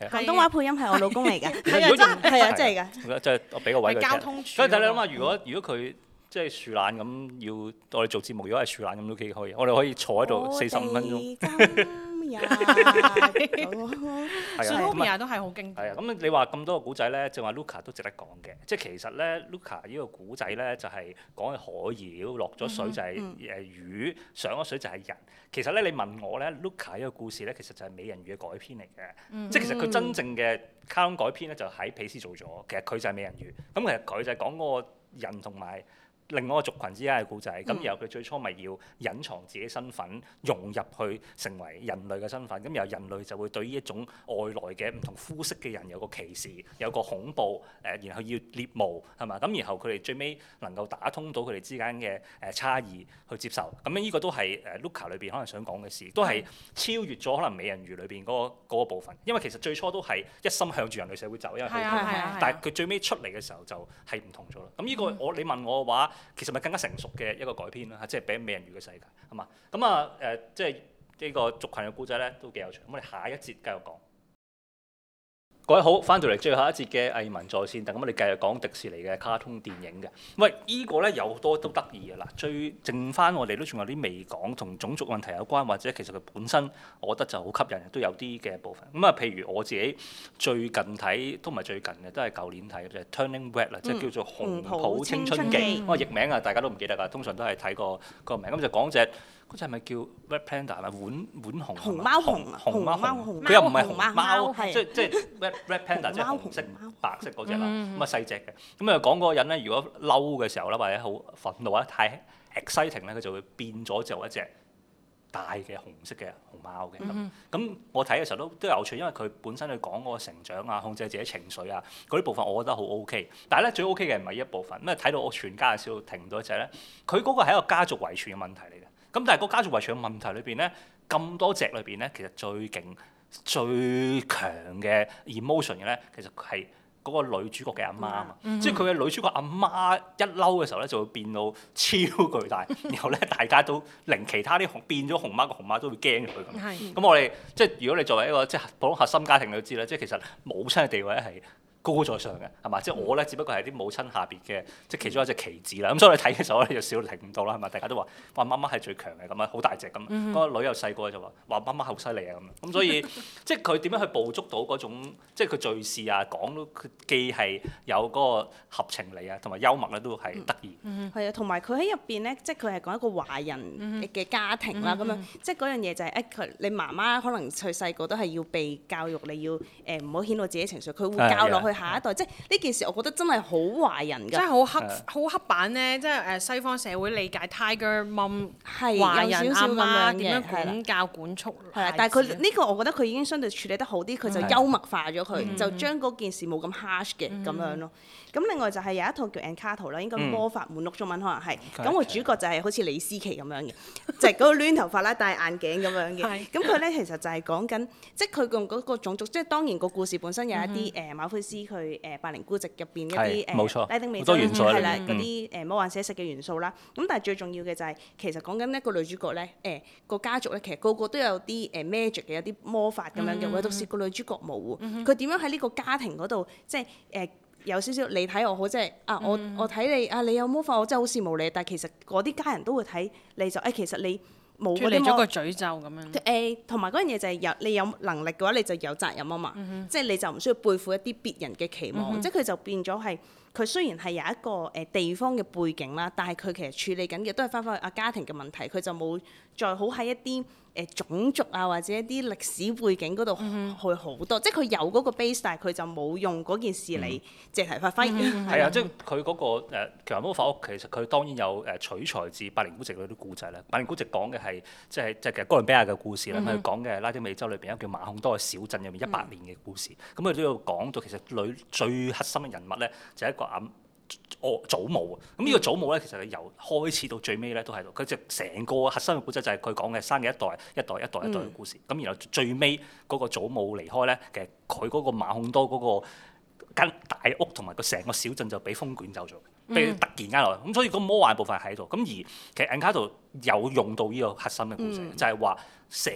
廣東話配音係我老公嚟嘅，係啊真係啊真係㗎，就係我俾個位佢。交通處。所以睇你諗下，如果如果佢即係樹懶咁，要我哋做節目如果係樹懶咁都幾可以，我哋可以坐喺度四十五分鐘。係 啊，係啊，算方面都係好經典。係啊，咁、嗯、你話咁多個古仔咧，正話 Luca 都值得講嘅。即係其實咧，Luca 呢個古仔咧就係、是、講海妖落咗水就係誒魚，上咗水就係人。其實咧，你問我咧，Luca 呢個故事咧其實就係美人魚嘅改編嚟嘅。嗯、即係其實佢真正嘅卡通改編咧就喺、是、彼思做咗，其實佢就係美人魚。咁、嗯、其實佢就係講嗰個人同埋，另外一個族群之間嘅故仔，咁然後佢最初咪要隱藏自己身份，融入去成為人類嘅身份，咁然後人類就會對呢一種外來嘅唔同膚色嘅人有個歧視，有個恐怖，誒，然後要獵巫係嘛？咁然後佢哋最尾能夠打通到佢哋之間嘅誒差異去接受，咁樣呢個都係誒 Luca 裏邊可能想講嘅事，都係超越咗可能美人魚裏邊嗰嗰個部分，因為其實最初都係一心向住人類社會走，因為係，但係佢最尾出嚟嘅時候就係唔同咗啦。咁呢個我你問我嘅話。其實咪更加成熟嘅一個改編咯嚇，啊，即係《美人魚》嘅世界，係嘛？咁啊誒，即係呢個族群嘅故仔咧都幾有趣，咁我哋下一節繼續講。各位好，翻到嚟最後一節嘅藝文在線等，咁我哋繼續講迪士尼嘅卡通電影嘅。喂，依、這個咧有好多都得意嘅嗱，最剩翻我哋都仲有啲未講，同種族問題有關，或者其實佢本身，我覺得就好吸引，都有啲嘅部分。咁啊，譬如我自己最近睇，都唔係最近嘅，都係舊年睇嘅，就是、Turning Red 啦，即係叫做《熊抱青春記、嗯、熊抱青春記》，個譯名啊，大家都唔記得㗎，通常都係睇個個名，咁就講隻。嗰隻係咪叫 Red Panda？係咪浣浣熊、貓熊啊？貓熊，佢又唔係熊貓，即即 Red Red Panda 即紅色白色嗰隻啦。咁啊細隻嘅，咁啊講嗰個人咧，如果嬲嘅時候咧，或者好憤怒啊、太 exciting 咧，佢就會變咗就一隻大嘅紅色嘅熊貓嘅。咁我睇嘅時候都都有趣，因為佢本身去講嗰個成長啊、控制自己情緒啊嗰啲部分，我覺得好 OK。但係咧最 OK 嘅唔係呢一部分，咁為睇到我全家嘅笑停到一隻咧，佢嗰個係一個家族遺傳嘅問題嚟嘅。咁但係個家族遺傳嘅問題裏邊咧，咁多隻裏邊咧，其實最勁、最強嘅 emotion 嘅咧，其實係嗰個女主角嘅阿媽啊嘛。嗯、哼即係佢嘅女主角阿媽一嬲嘅時候咧，就會變到超巨大， 然後咧，大家都令其他啲熊變咗熊媽，個熊媽都會驚佢咁。咁 我哋即係如果你作為一個即係普通核心家庭，你都知啦，即係其實母親嘅地位係。高高在上嘅，係嘛？即係我咧，只不過係啲母親下邊嘅，即係其中一隻棋子啦。咁、嗯嗯、所以你睇嘅時候咧，你就笑停唔到啦，係嘛？大家都話：哇媽媽係最強嘅咁樣，好大隻咁。嗰、那個女又細個就話：哇媽媽好犀利啊咁。咁所以即係佢點樣去捕捉到嗰種，即係佢敘事啊講都佢既係有嗰個合情理啊，同埋幽默咧都係得意。係啊，同埋佢喺入邊咧，即係佢係講一個華人嘅家庭啦，咁、嗯嗯嗯、樣即係嗰樣嘢就係誒佢你媽媽可能佢細個都係要被教育你要誒唔好顯露自己情緒，佢會教落的 佢下一代即係呢件事，我覺得真係好華人㗎，真係好黑好是的 黑板咧，即係誒西方社會理解 Tiger Mom 係華是人啊點樣管教是的 管束，係啊！但係佢呢個我覺得佢已經相對處理得好啲，佢是的 就幽默化咗佢，是的 就將嗰件事冇咁 harsh 嘅咁樣咯。咁另外就係有一套叫《Encanto》啦，應該魔法滿屋中文可能係。咁個主角就係好似李思琪咁樣嘅，就係嗰個攣頭髮啦、戴眼鏡咁樣嘅。咁佢咧其實就係講緊，即係佢用嗰個種族，即係當然個故事本身有一啲誒馬奎斯佢誒百年孤寂入邊一啲誒拉丁美系啦嗰啲誒魔幻寫實嘅元素啦。咁但係最重要嘅就係其實講緊一個女主角咧，誒個家族咧，其實個個都有啲誒 magic 嘅一啲魔法咁樣嘅。唯獨是個女主角冇喎，佢點樣喺呢個家庭嗰度即係誒？有少少你睇我好即係啊，我我睇你啊，你有魔法，我真係好羨慕你。但係其實嗰啲家人都會睇你就誒、哎，其實你冇咁樣，咗個詛咒咁樣。誒、哎，同埋嗰樣嘢就係有你有能力嘅話，你就有責任啊嘛。即係、嗯、哼你就唔需要背負一啲別人嘅期望，嗯、哼即係佢就變咗係。佢雖然係有一個誒地方嘅背景啦，但係佢其實處理緊嘅都係翻返去阿家庭嘅問題，佢就冇再好喺一啲誒種族啊或者一啲歷史背景嗰度去好多，嗯、即係佢有嗰個 base，但係佢就冇用嗰件事嚟借題發揮。係啊、嗯 嗯，即係佢嗰個誒《奇幻魔法屋》，其實佢當然有誒取材自百年孤寂嗰啲故仔咧。百年孤寂講嘅係即係即係其實哥倫比亞嘅故事咧，佢講嘅拉丁美洲裏邊一個叫馬孔多嘅小鎮入面一百年嘅故事。咁佢都要講到其實裏最核心嘅人物咧就一個。咁我祖母啊，咁、這、呢個祖母咧，其實係由開始到最尾咧都喺度。佢即成個核心嘅古仔就係佢講嘅生嘅一代一代一代一代嘅故事。咁、嗯、然後最尾嗰個祖母離開咧，其實佢嗰個馬孔多嗰個間大屋同埋個成個小鎮就俾風捲走咗，俾、嗯、突然間落嚟。咁所以個魔幻部分喺度。咁而其實《Encanto》有用到呢個核心嘅故事，嗯、就係話成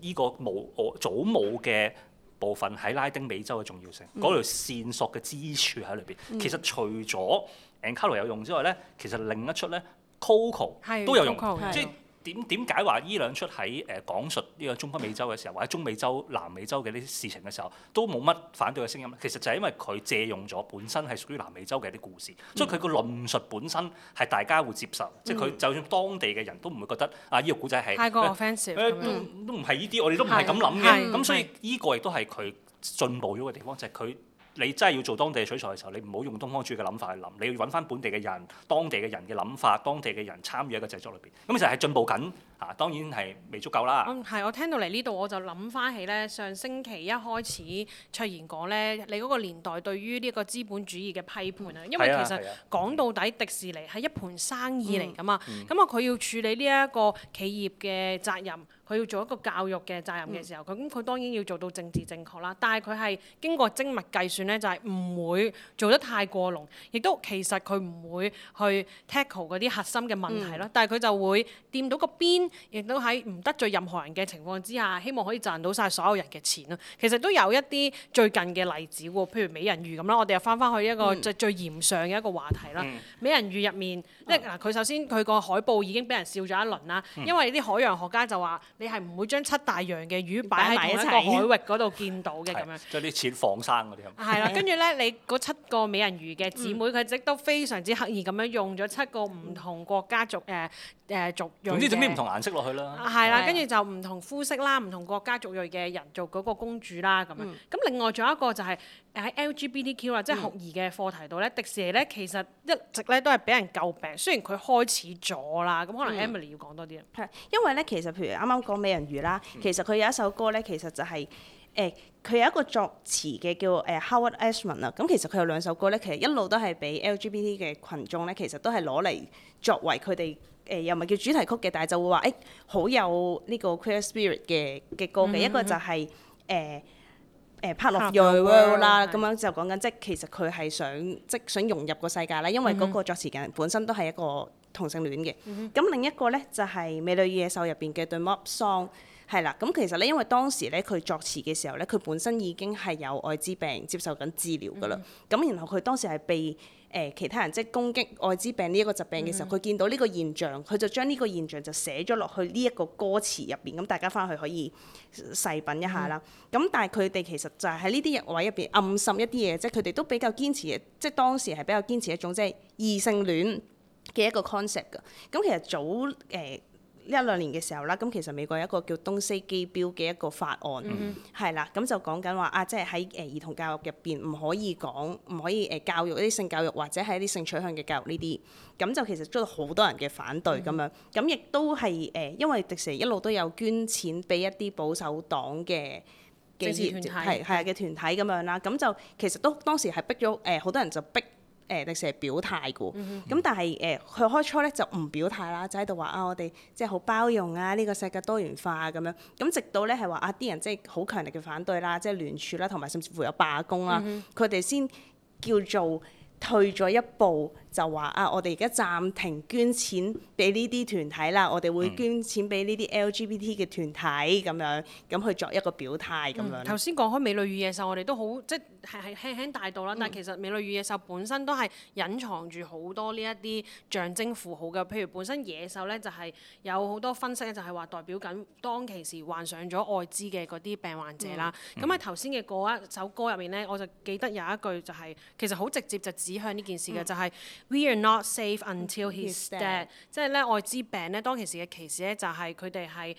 呢個母祖母嘅。部分喺拉丁美洲嘅重要性，嗰、嗯、條線索嘅支柱喺裏邊。嗯、其實除咗 Encanto 有用之外咧，其實另一出咧 Coco 的都有用，即係。點點解話呢兩出喺誒講述呢個中北美洲嘅時候，或者中美洲、南美洲嘅呢啲事情嘅時候，都冇乜反對嘅聲音咧？其實就係因為佢借用咗本身係屬於南美洲嘅啲故事，嗯、所以佢個論述本身係大家會接受，即係佢就算當地嘅人都唔會覺得啊，呢個古仔係係 offensive 咁樣，誒都唔係呢啲，嗯、我哋都唔係咁諗嘅。咁、嗯、是所以呢個亦都係佢進步咗嘅地方，就係佢。你真係要做當地嘅取材嘅時候，你唔好用東方主義嘅諗法去諗，你要揾翻本地嘅人，當地嘅人嘅諗法，當地嘅人參與一個製作裏邊，咁其實係進步緊。嚇、啊，當然係未足夠啦。嗯，係，我聽到嚟呢度我就諗翻起咧，上星期一開始卓然講咧，你嗰個年代對於呢個資本主義嘅批判啊，因為其實講到底迪士尼係一盤生意嚟噶嘛，咁啊佢要處理呢一個企業嘅責任，佢要做一個教育嘅責任嘅時候，咁佢、嗯、當然要做到政治正確啦。但係佢係經過精密計算咧，就係、是、唔會做得太過濃，亦都其實佢唔會去 tackle 嗰啲核心嘅問題咯。嗯、但係佢就會掂到個邊。亦都喺唔得罪任何人嘅情況之下，希望可以賺到晒所有人嘅錢咯。其實都有一啲最近嘅例子喎，譬如美人魚咁啦，我哋又翻翻去一個最最嚴上嘅一個話題啦。嗯、美人魚入面，嗯、即嗱，佢首先佢個海報已經俾人笑咗一輪啦，嗯、因為啲海洋學家就話你係唔會將七大洋嘅魚擺喺同一個海域嗰度見到嘅咁樣。將啲 錢放生嗰啲係啦，跟住咧，你嗰七個美人魚嘅姊妹，佢直、嗯、都非常之刻意咁樣用咗七個唔同國家族誒誒、呃呃、族裔。總之， 總之，做咩唔同顏色落去啦，係啦的，跟住的就唔同膚色啦，唔的同國家族裔嘅人做嗰個公主啦，咁、嗯、樣。咁另外仲有一個就係喺 LGBTQ 啦，Q，即係酷兒嘅課題度咧，嗯、迪士尼咧其實一直咧都係俾人詬病，雖然佢開始咗啦，咁可能 Emily 要講多啲啊。嗯、因為咧其實譬如啱啱講美人魚啦，其實佢有一首歌咧，其實就係、是、誒，佢、呃、有一個作詞嘅叫誒 Howard Ashman 啊，咁其實佢有兩首歌咧，其實一路都係俾 LGBT 嘅群眾咧，其實都係攞嚟作為佢哋。誒、呃、又唔係叫主題曲嘅，但係就會話誒、欸、好有呢個 queer spirit 嘅嘅歌嘅，嗯、哼一個就係誒誒 Part of Your World，啦，咁、呃呃嗯、哼樣就講緊即係其實佢係想即、就是、想融入個世界啦，因為嗰個作詞人本身都係一個同性戀嘅。咁、嗯、哼另一個咧就係、是《美女與野獸》入邊嘅《The Mob Song》，係啦。咁其實咧，因為當時咧佢作詞嘅時候咧，佢本身已經係有愛滋病接受緊治療噶啦。咁、嗯、哼然後佢當時係被誒其他人即係攻擊愛滋病呢一個疾病嘅時候，佢見到呢個現象，佢就將呢個現象就寫咗落去呢一個歌詞入邊，咁大家返去可以細品一下啦。咁、嗯、但係佢哋其實就係喺呢啲位入邊暗示一啲嘢，即係佢哋都比較堅持，即係當時係比較堅持一種即係異性戀嘅一個 concept 嘅。咁其實早誒。呃呢一兩年嘅時候啦，咁其實美國有一個叫《Don't Say Gay Bill》嘅一個法案，係啦、嗯哼，咁就講緊話啊，即係喺誒兒童教育入邊唔可以講，唔可以誒教育一啲性教育或者係一啲性取向嘅教育呢啲，咁就其實遭到好多人嘅反對咁樣，咁亦、嗯、哼都係誒、呃，因為迪士尼一路都有捐錢俾一啲保守黨嘅嘅團體，係嘅團體咁樣啦，咁就其實都當時係逼咗誒好多人就逼。誒迪士尼係表態嘅，咁、嗯嗯嗯、但係誒佢開初咧就唔表態啦，就喺度話啊，我哋即係好包容啊，呢、呢個世界多元化咁、啊、樣，咁直到咧係話啊啲人即係好強力嘅反對啦，即係聯署啦、啊，同埋甚至乎有罷工啦、啊，佢哋、嗯、哼先叫做退咗一步。就話啊，我哋而家暫停捐錢俾呢啲團體啦，我哋會捐錢俾呢啲 LGBT 嘅團體咁樣，咁去作一個表態咁樣。頭先講開《美女與野獸》，我，我哋都好即係係輕輕大度啦，但係其實《美女與野獸》本身都係隱藏住好多呢一啲象徵符號嘅，譬如本身野獸咧就係、是、有好多分析咧就係話代表緊當其時患上咗愛滋嘅嗰啲病患者啦。咁喺頭先嘅嗰一首歌入面咧，我就記得有一句就係、是、其實好直接就指向呢件事嘅，就係、嗯。We are not safe until he's dead 即。即係咧艾滋病咧當其時嘅歧視咧就係佢哋係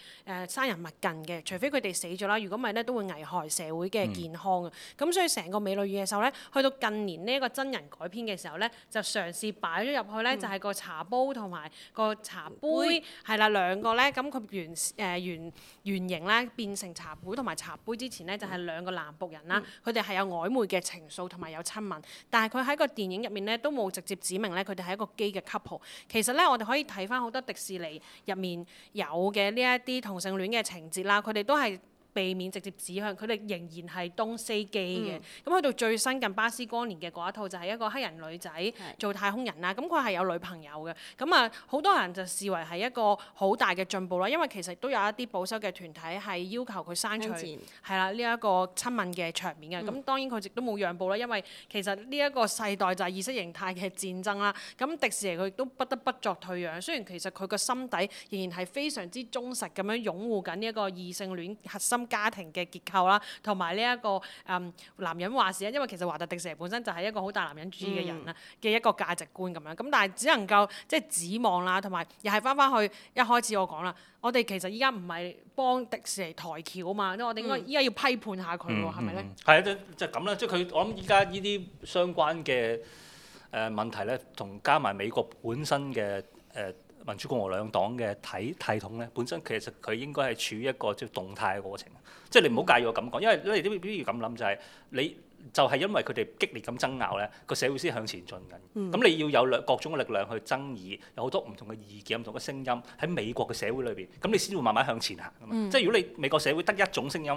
誒生人勿近嘅，除非佢哋死咗啦。如果唔係咧都會危害社會嘅健康啊。咁、嗯、所以成個美女與野獸咧，去到近年呢、這、一個真人改編嘅時候咧，就嘗試擺咗入去咧，嗯、就係個茶煲同埋個茶杯係、嗯、啦兩個咧。咁佢原誒、呃、原原型咧變成茶杯同埋茶杯之前咧就係、是、兩個男僕人啦。佢哋係有曖昧嘅情愫同埋有親吻，但係佢喺個電影入面咧都冇直接指。指明咧，佢哋係一個基嘅 couple。其實咧，我哋可以睇翻好多迪士尼入面有嘅呢一啲同性戀嘅情節啦，佢哋都係。避免直接指向佢哋，仍然係 Don't Say Gay 嘅。咁去、嗯、到最新近巴斯光年嘅嗰一套就係、是、一個黑人女仔是做太空人啦。咁佢係有女朋友嘅。咁啊，好多人就視為係一個好大嘅進步啦。因為其實都有一啲保守嘅團體係要求佢刪除係啦呢一個親吻嘅場面嘅。咁、嗯、當然佢亦都冇讓步啦。因為其實呢一個世代就係意識形態嘅戰爭啦。咁迪士尼佢亦都不得不作退讓，雖然其實佢個心底仍然係非常之忠實咁樣擁護緊呢一個異性戀核心。家庭嘅結構啦，同埋呢一個誒、嗯、男人話事，因為其實華特迪士尼本身就係一個好大男人主義嘅人啊嘅一個價值觀咁樣。咁、嗯、但係只能夠即係、就是、指望啦，同埋又係翻翻去一開始我講啦，我哋其實依家唔係幫迪士尼抬轎嘛，因、嗯、我哋應該依家要批判下佢喎，係咪咧？係啊，就是、就咁、是、啦，即係佢我諗依家呢啲相關嘅誒、呃、問題咧，同加埋美國本身嘅誒。呃民主共和兩黨嘅體體統咧，本身其實佢應該係處於一個即係動態嘅過程。即係你唔好介意我咁講，因為你哋都必要咁諗就係、是、你就係因為佢哋激烈咁爭拗咧，個社會先向前進緊。咁、嗯、你要有兩各種嘅力量去爭議，有好多唔同嘅意見、唔同嘅聲音喺美國嘅社會裏邊，咁你先會慢慢向前行。嗯、即係如果你美國社會得一種聲音，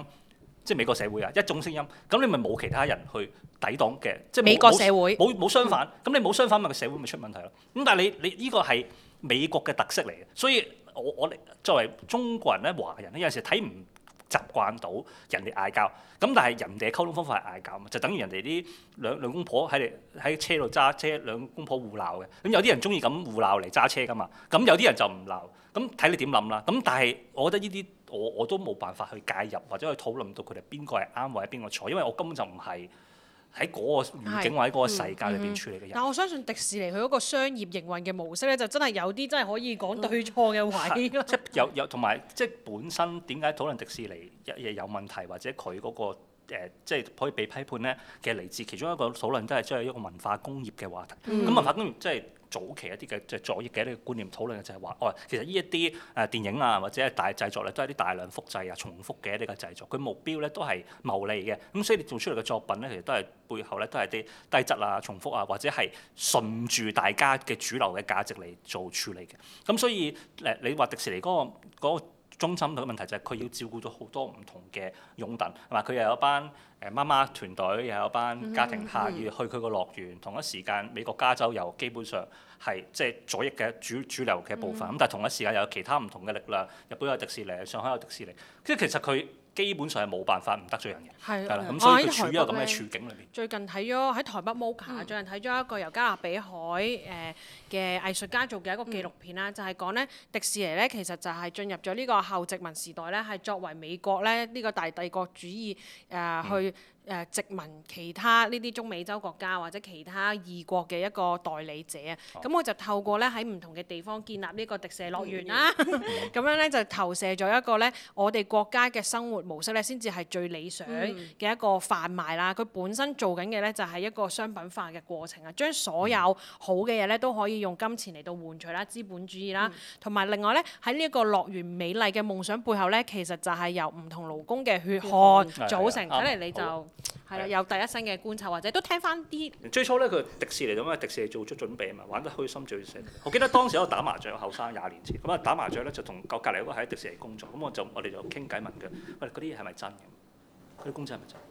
即、就、係、是、美國社會啊一種聲音，咁你咪冇其他人去抵擋嘅，即係美國社會冇冇相反咁你冇相反，咪個、嗯、社會咪出問題咯。咁但係你但你呢、這個係。這個美國嘅特色嚟嘅，所以我我作為中國人咧、華人咧，有陣時睇唔習慣到人哋嗌交，咁但係人哋嘅溝通方法係嗌交嘛，就等於人哋啲兩兩公婆喺嚟喺車度揸車，兩公婆互鬧嘅，咁、嗯、有啲人中意咁互鬧嚟揸車噶嘛，咁、嗯、有啲人就唔鬧，咁、嗯、睇你點諗啦？咁、嗯、但係我覺得呢啲我我都冇辦法去介入或者去討論到佢哋邊個係啱或者邊個錯，因為我根本就唔係。喺嗰個環境是或者嗰個世界裏邊處理嘅人，嗯嗯、但係我相信迪士尼佢嗰個商業營運嘅模式咧，就真係有啲真係可以講對錯嘅位，即係、嗯嗯、 有有同埋，即係本身點解討論迪士尼一嘢有問題或者佢嗰、嗰個、呃、即係可以被批判咧？其實嚟自其中一個討論都係即係一個文化工業嘅話題。咁、嗯、文化工業即係。早期一啲嘅即係左翼嘅一啲觀念討論就係話，哦，其實呢一啲誒電影啊，或者係大製作咧，都係一啲大量複製啊、重複嘅一啲嘅製作。佢目標咧都係牟利嘅，咁所以你做出嚟嘅作品咧，其實都係背後咧都係啲低質啊、重複啊，或者係順住大家嘅主流嘅價值嚟做處理嘅。咁所以誒，你話迪士尼嗰、嗰個、嗰個中心嘅問題就係佢要照顧到好多唔同嘅擁躉，同埋佢又有一班誒媽媽團隊，又有一班家庭客要去佢個樂園。嗯、同一時間，美國加州遊基本上係即係左翼嘅主主流嘅部分。咁、嗯、但係同一時間又有其他唔同嘅力量，日本有迪士尼，上海有迪士尼。即係其實佢基本上係冇辦法唔得罪人嘅，係啦。咁所以佢處於一個咁嘅處境裏邊。最近睇咗喺台北 Moca，、嗯、最近睇咗一個由加勒比海誒。呃嘅藝術家做嘅一個紀錄片啦，嗯、就係講咧迪士尼咧，其實就係進入咗呢個後殖民時代咧，係作為美國咧呢、呢個大帝國主義誒、呃嗯、去誒殖民其他呢啲中美洲國家或者其他異國嘅一個代理者啊。咁我就透過咧喺唔同嘅地方建立呢個迪士尼樂園啦，咁、嗯啊、 樣咧就投射咗一個咧我哋國家嘅生活模式咧，先至係最理想嘅一個販賣啦。佢、嗯、本身做緊嘅咧就係、是、一個商品化嘅過程啊，將所有好嘅嘢咧都可以。用金錢嚟到換取啦，資本主義啦，同埋、嗯、另外咧喺呢一個樂園美麗嘅夢想背後咧，其實就係由唔同勞工嘅血汗組成。睇嚟你就係啦，有第一身嘅觀察，或者都聽翻啲。最初咧，佢迪士尼咁樣，迪士尼做足準備啊嘛，玩得開心最正。我記得當時我打麻雀，後生廿年前咁啊，打麻雀咧就同隔隔離嗰個喺迪士尼工作，咁我就我哋就傾偈問佢：喂，嗰啲嘢係咪真嘅？嗰啲工作係咪真？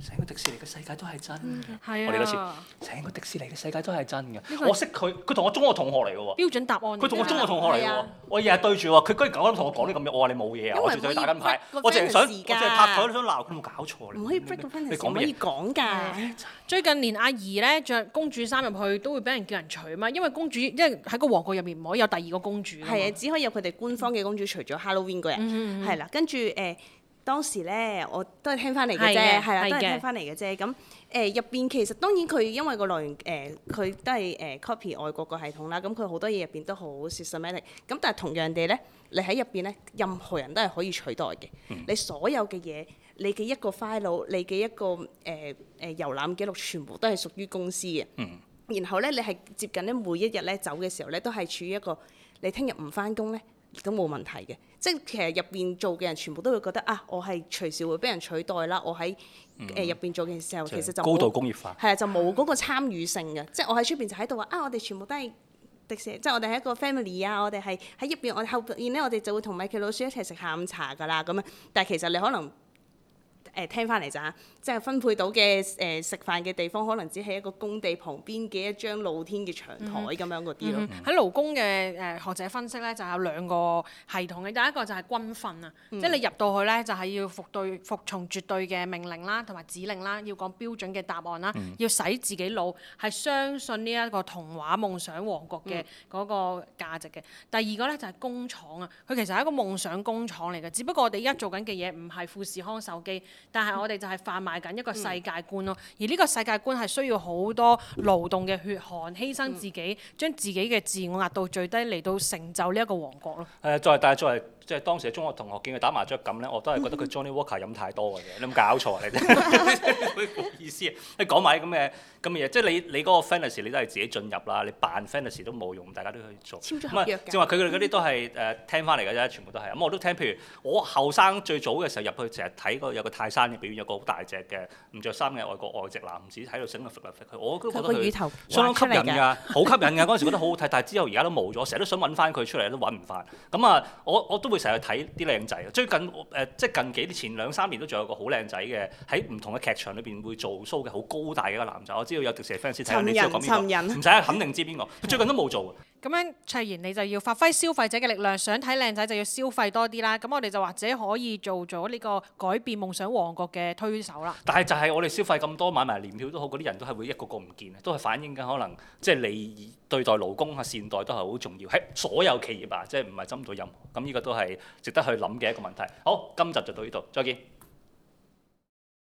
成個迪士尼嘅世界都係真嘅，我哋都知。成個迪士尼嘅世界都係真嘅，我識佢，佢同我中學同學嚟嘅喎。標準答案。佢同我中學同學嚟嘅喎，我日日對住佢，佢居然咁樣同我講呢咁樣，我話你冇嘢啊，我絕對打緊牌，我淨係想，我淨係拍佢都想鬧，佢冇搞錯咧？唔可以 break 個 fantasy，唔可以講㗎。最近連阿兒咧著公主衫入去都會俾人叫人除啊嘛，因為公主因為喺個王國入面唔可以有第二個公主。係啊，只可以有佢哋官方嘅公主除咗 Halloween 嗰日。嗯係啦，跟住誒。當時咧，我都係聽翻嚟嘅啫，係啦的，的都係聽翻嚟嘅啫。咁誒入邊其實當然佢因為個內容，誒、呃，佢都係誒 copy 外國個系統啦。咁佢好多嘢入邊都好 systematic。咁但係同樣地咧，你喺入邊咧，任何人都係可以取代嘅。嗯、你所有嘅嘢，你嘅一個 file，你嘅一個誒誒、呃呃、遊覽記錄，全部都係屬於公司嘅。嗯、然後咧，你係接近咧每一日咧走嘅時候咧，都係處於一個你聽日唔翻工咧。亦都冇問題嘅，即係其實入邊做嘅人全部都會覺得啊，我係隨時會俾人取代啦。我喺誒入邊做嘅時候，嗯、其實就高度工業化，係啊，就冇嗰個參與性嘅。 即係我喺出邊就喺度話啊，我哋全部都係迪士尼， 即係我哋係一個 family 啊。我哋係喺入邊，我後面咧，我哋就會同米奇老鼠一齊食下午茶㗎啦。咁樣，但係其實你可能。誒聽翻嚟咋，即係分配到嘅誒、呃、食飯嘅地方，可能只係一個工地旁邊嘅一張露天嘅長台咁樣嗰啲咯。喺勞工嘅誒學者分析咧，就有兩個系統嘅。第一個就係軍訓啊，即係、嗯、你入到去咧，就係要服對、服從絕對嘅命令啦，同埋指令啦，要講標準嘅答案啦，嗯、要洗自己腦係相信呢一個童話夢想王國嘅嗰個價值嘅。嗯、第二個咧就係工廠啊，佢其實係一個夢想工廠嚟嘅，只不過我哋而家做緊嘅嘢唔係富士康手機。但係我哋就係販賣緊一個世界觀咯，嗯、而呢個世界觀係需要好多勞動嘅血汗，犧牲自己，將自己嘅自我壓到最低，嚟到成就呢一個王國咯。係作為，但作為。即係當時嘅中學同學見佢打麻雀咁咧，我都係覺得佢 Johnny Walker 飲太多嘅嘢，你有冇搞錯啊？ 你真係冇意思啊！你講埋啲咁嘅咁嘅嘢，即係你你嗰個 fantasy 你都係自己進入啦，你扮 fantasy 都冇用，大家都去做，即係話佢哋嗰啲都係誒、呃、聽翻嚟嘅啫，全部都係。咁、嗯、我都聽，譬如我後生最早嘅時候入去成日睇過有個泰山嘅表演，有個好大隻嘅唔着衫嘅外國外籍男子喺度揈嚟揈嚟揈佢，我都覺得佢相當吸引㗎，好吸引㗎。嗰陣時覺得好好睇，但係之後而家都冇咗，成日都想揾翻佢出嚟都揾唔翻。咁、嗯、啊，我我都。都會成日睇啲靚仔啊！最近誒、呃、即係近幾年，前兩三年都仲有個好靚仔嘅，喺唔同嘅劇場裏邊會做 show 嘅好高大嘅一個男仔。我知道有迪士尼 fans 睇下，人你知道講邊個？唔使，人肯定知邊個。佢最近都冇做。嗯咁樣，卓然你就要發揮消費者嘅力量，想睇靚仔就要消費多啲啦。咁我哋就或者可以做咗呢個改變夢想王國嘅推手啦。但係就係我哋消費咁多，買埋年票都好，嗰啲人都係會一個個唔見，都係反映緊可能即係、就是、你對待勞工啊善待都係好重要。係所有企業啊，即係唔係針對任何。咁呢個都係值得去諗嘅一個問題。好，今集就到呢度，再見。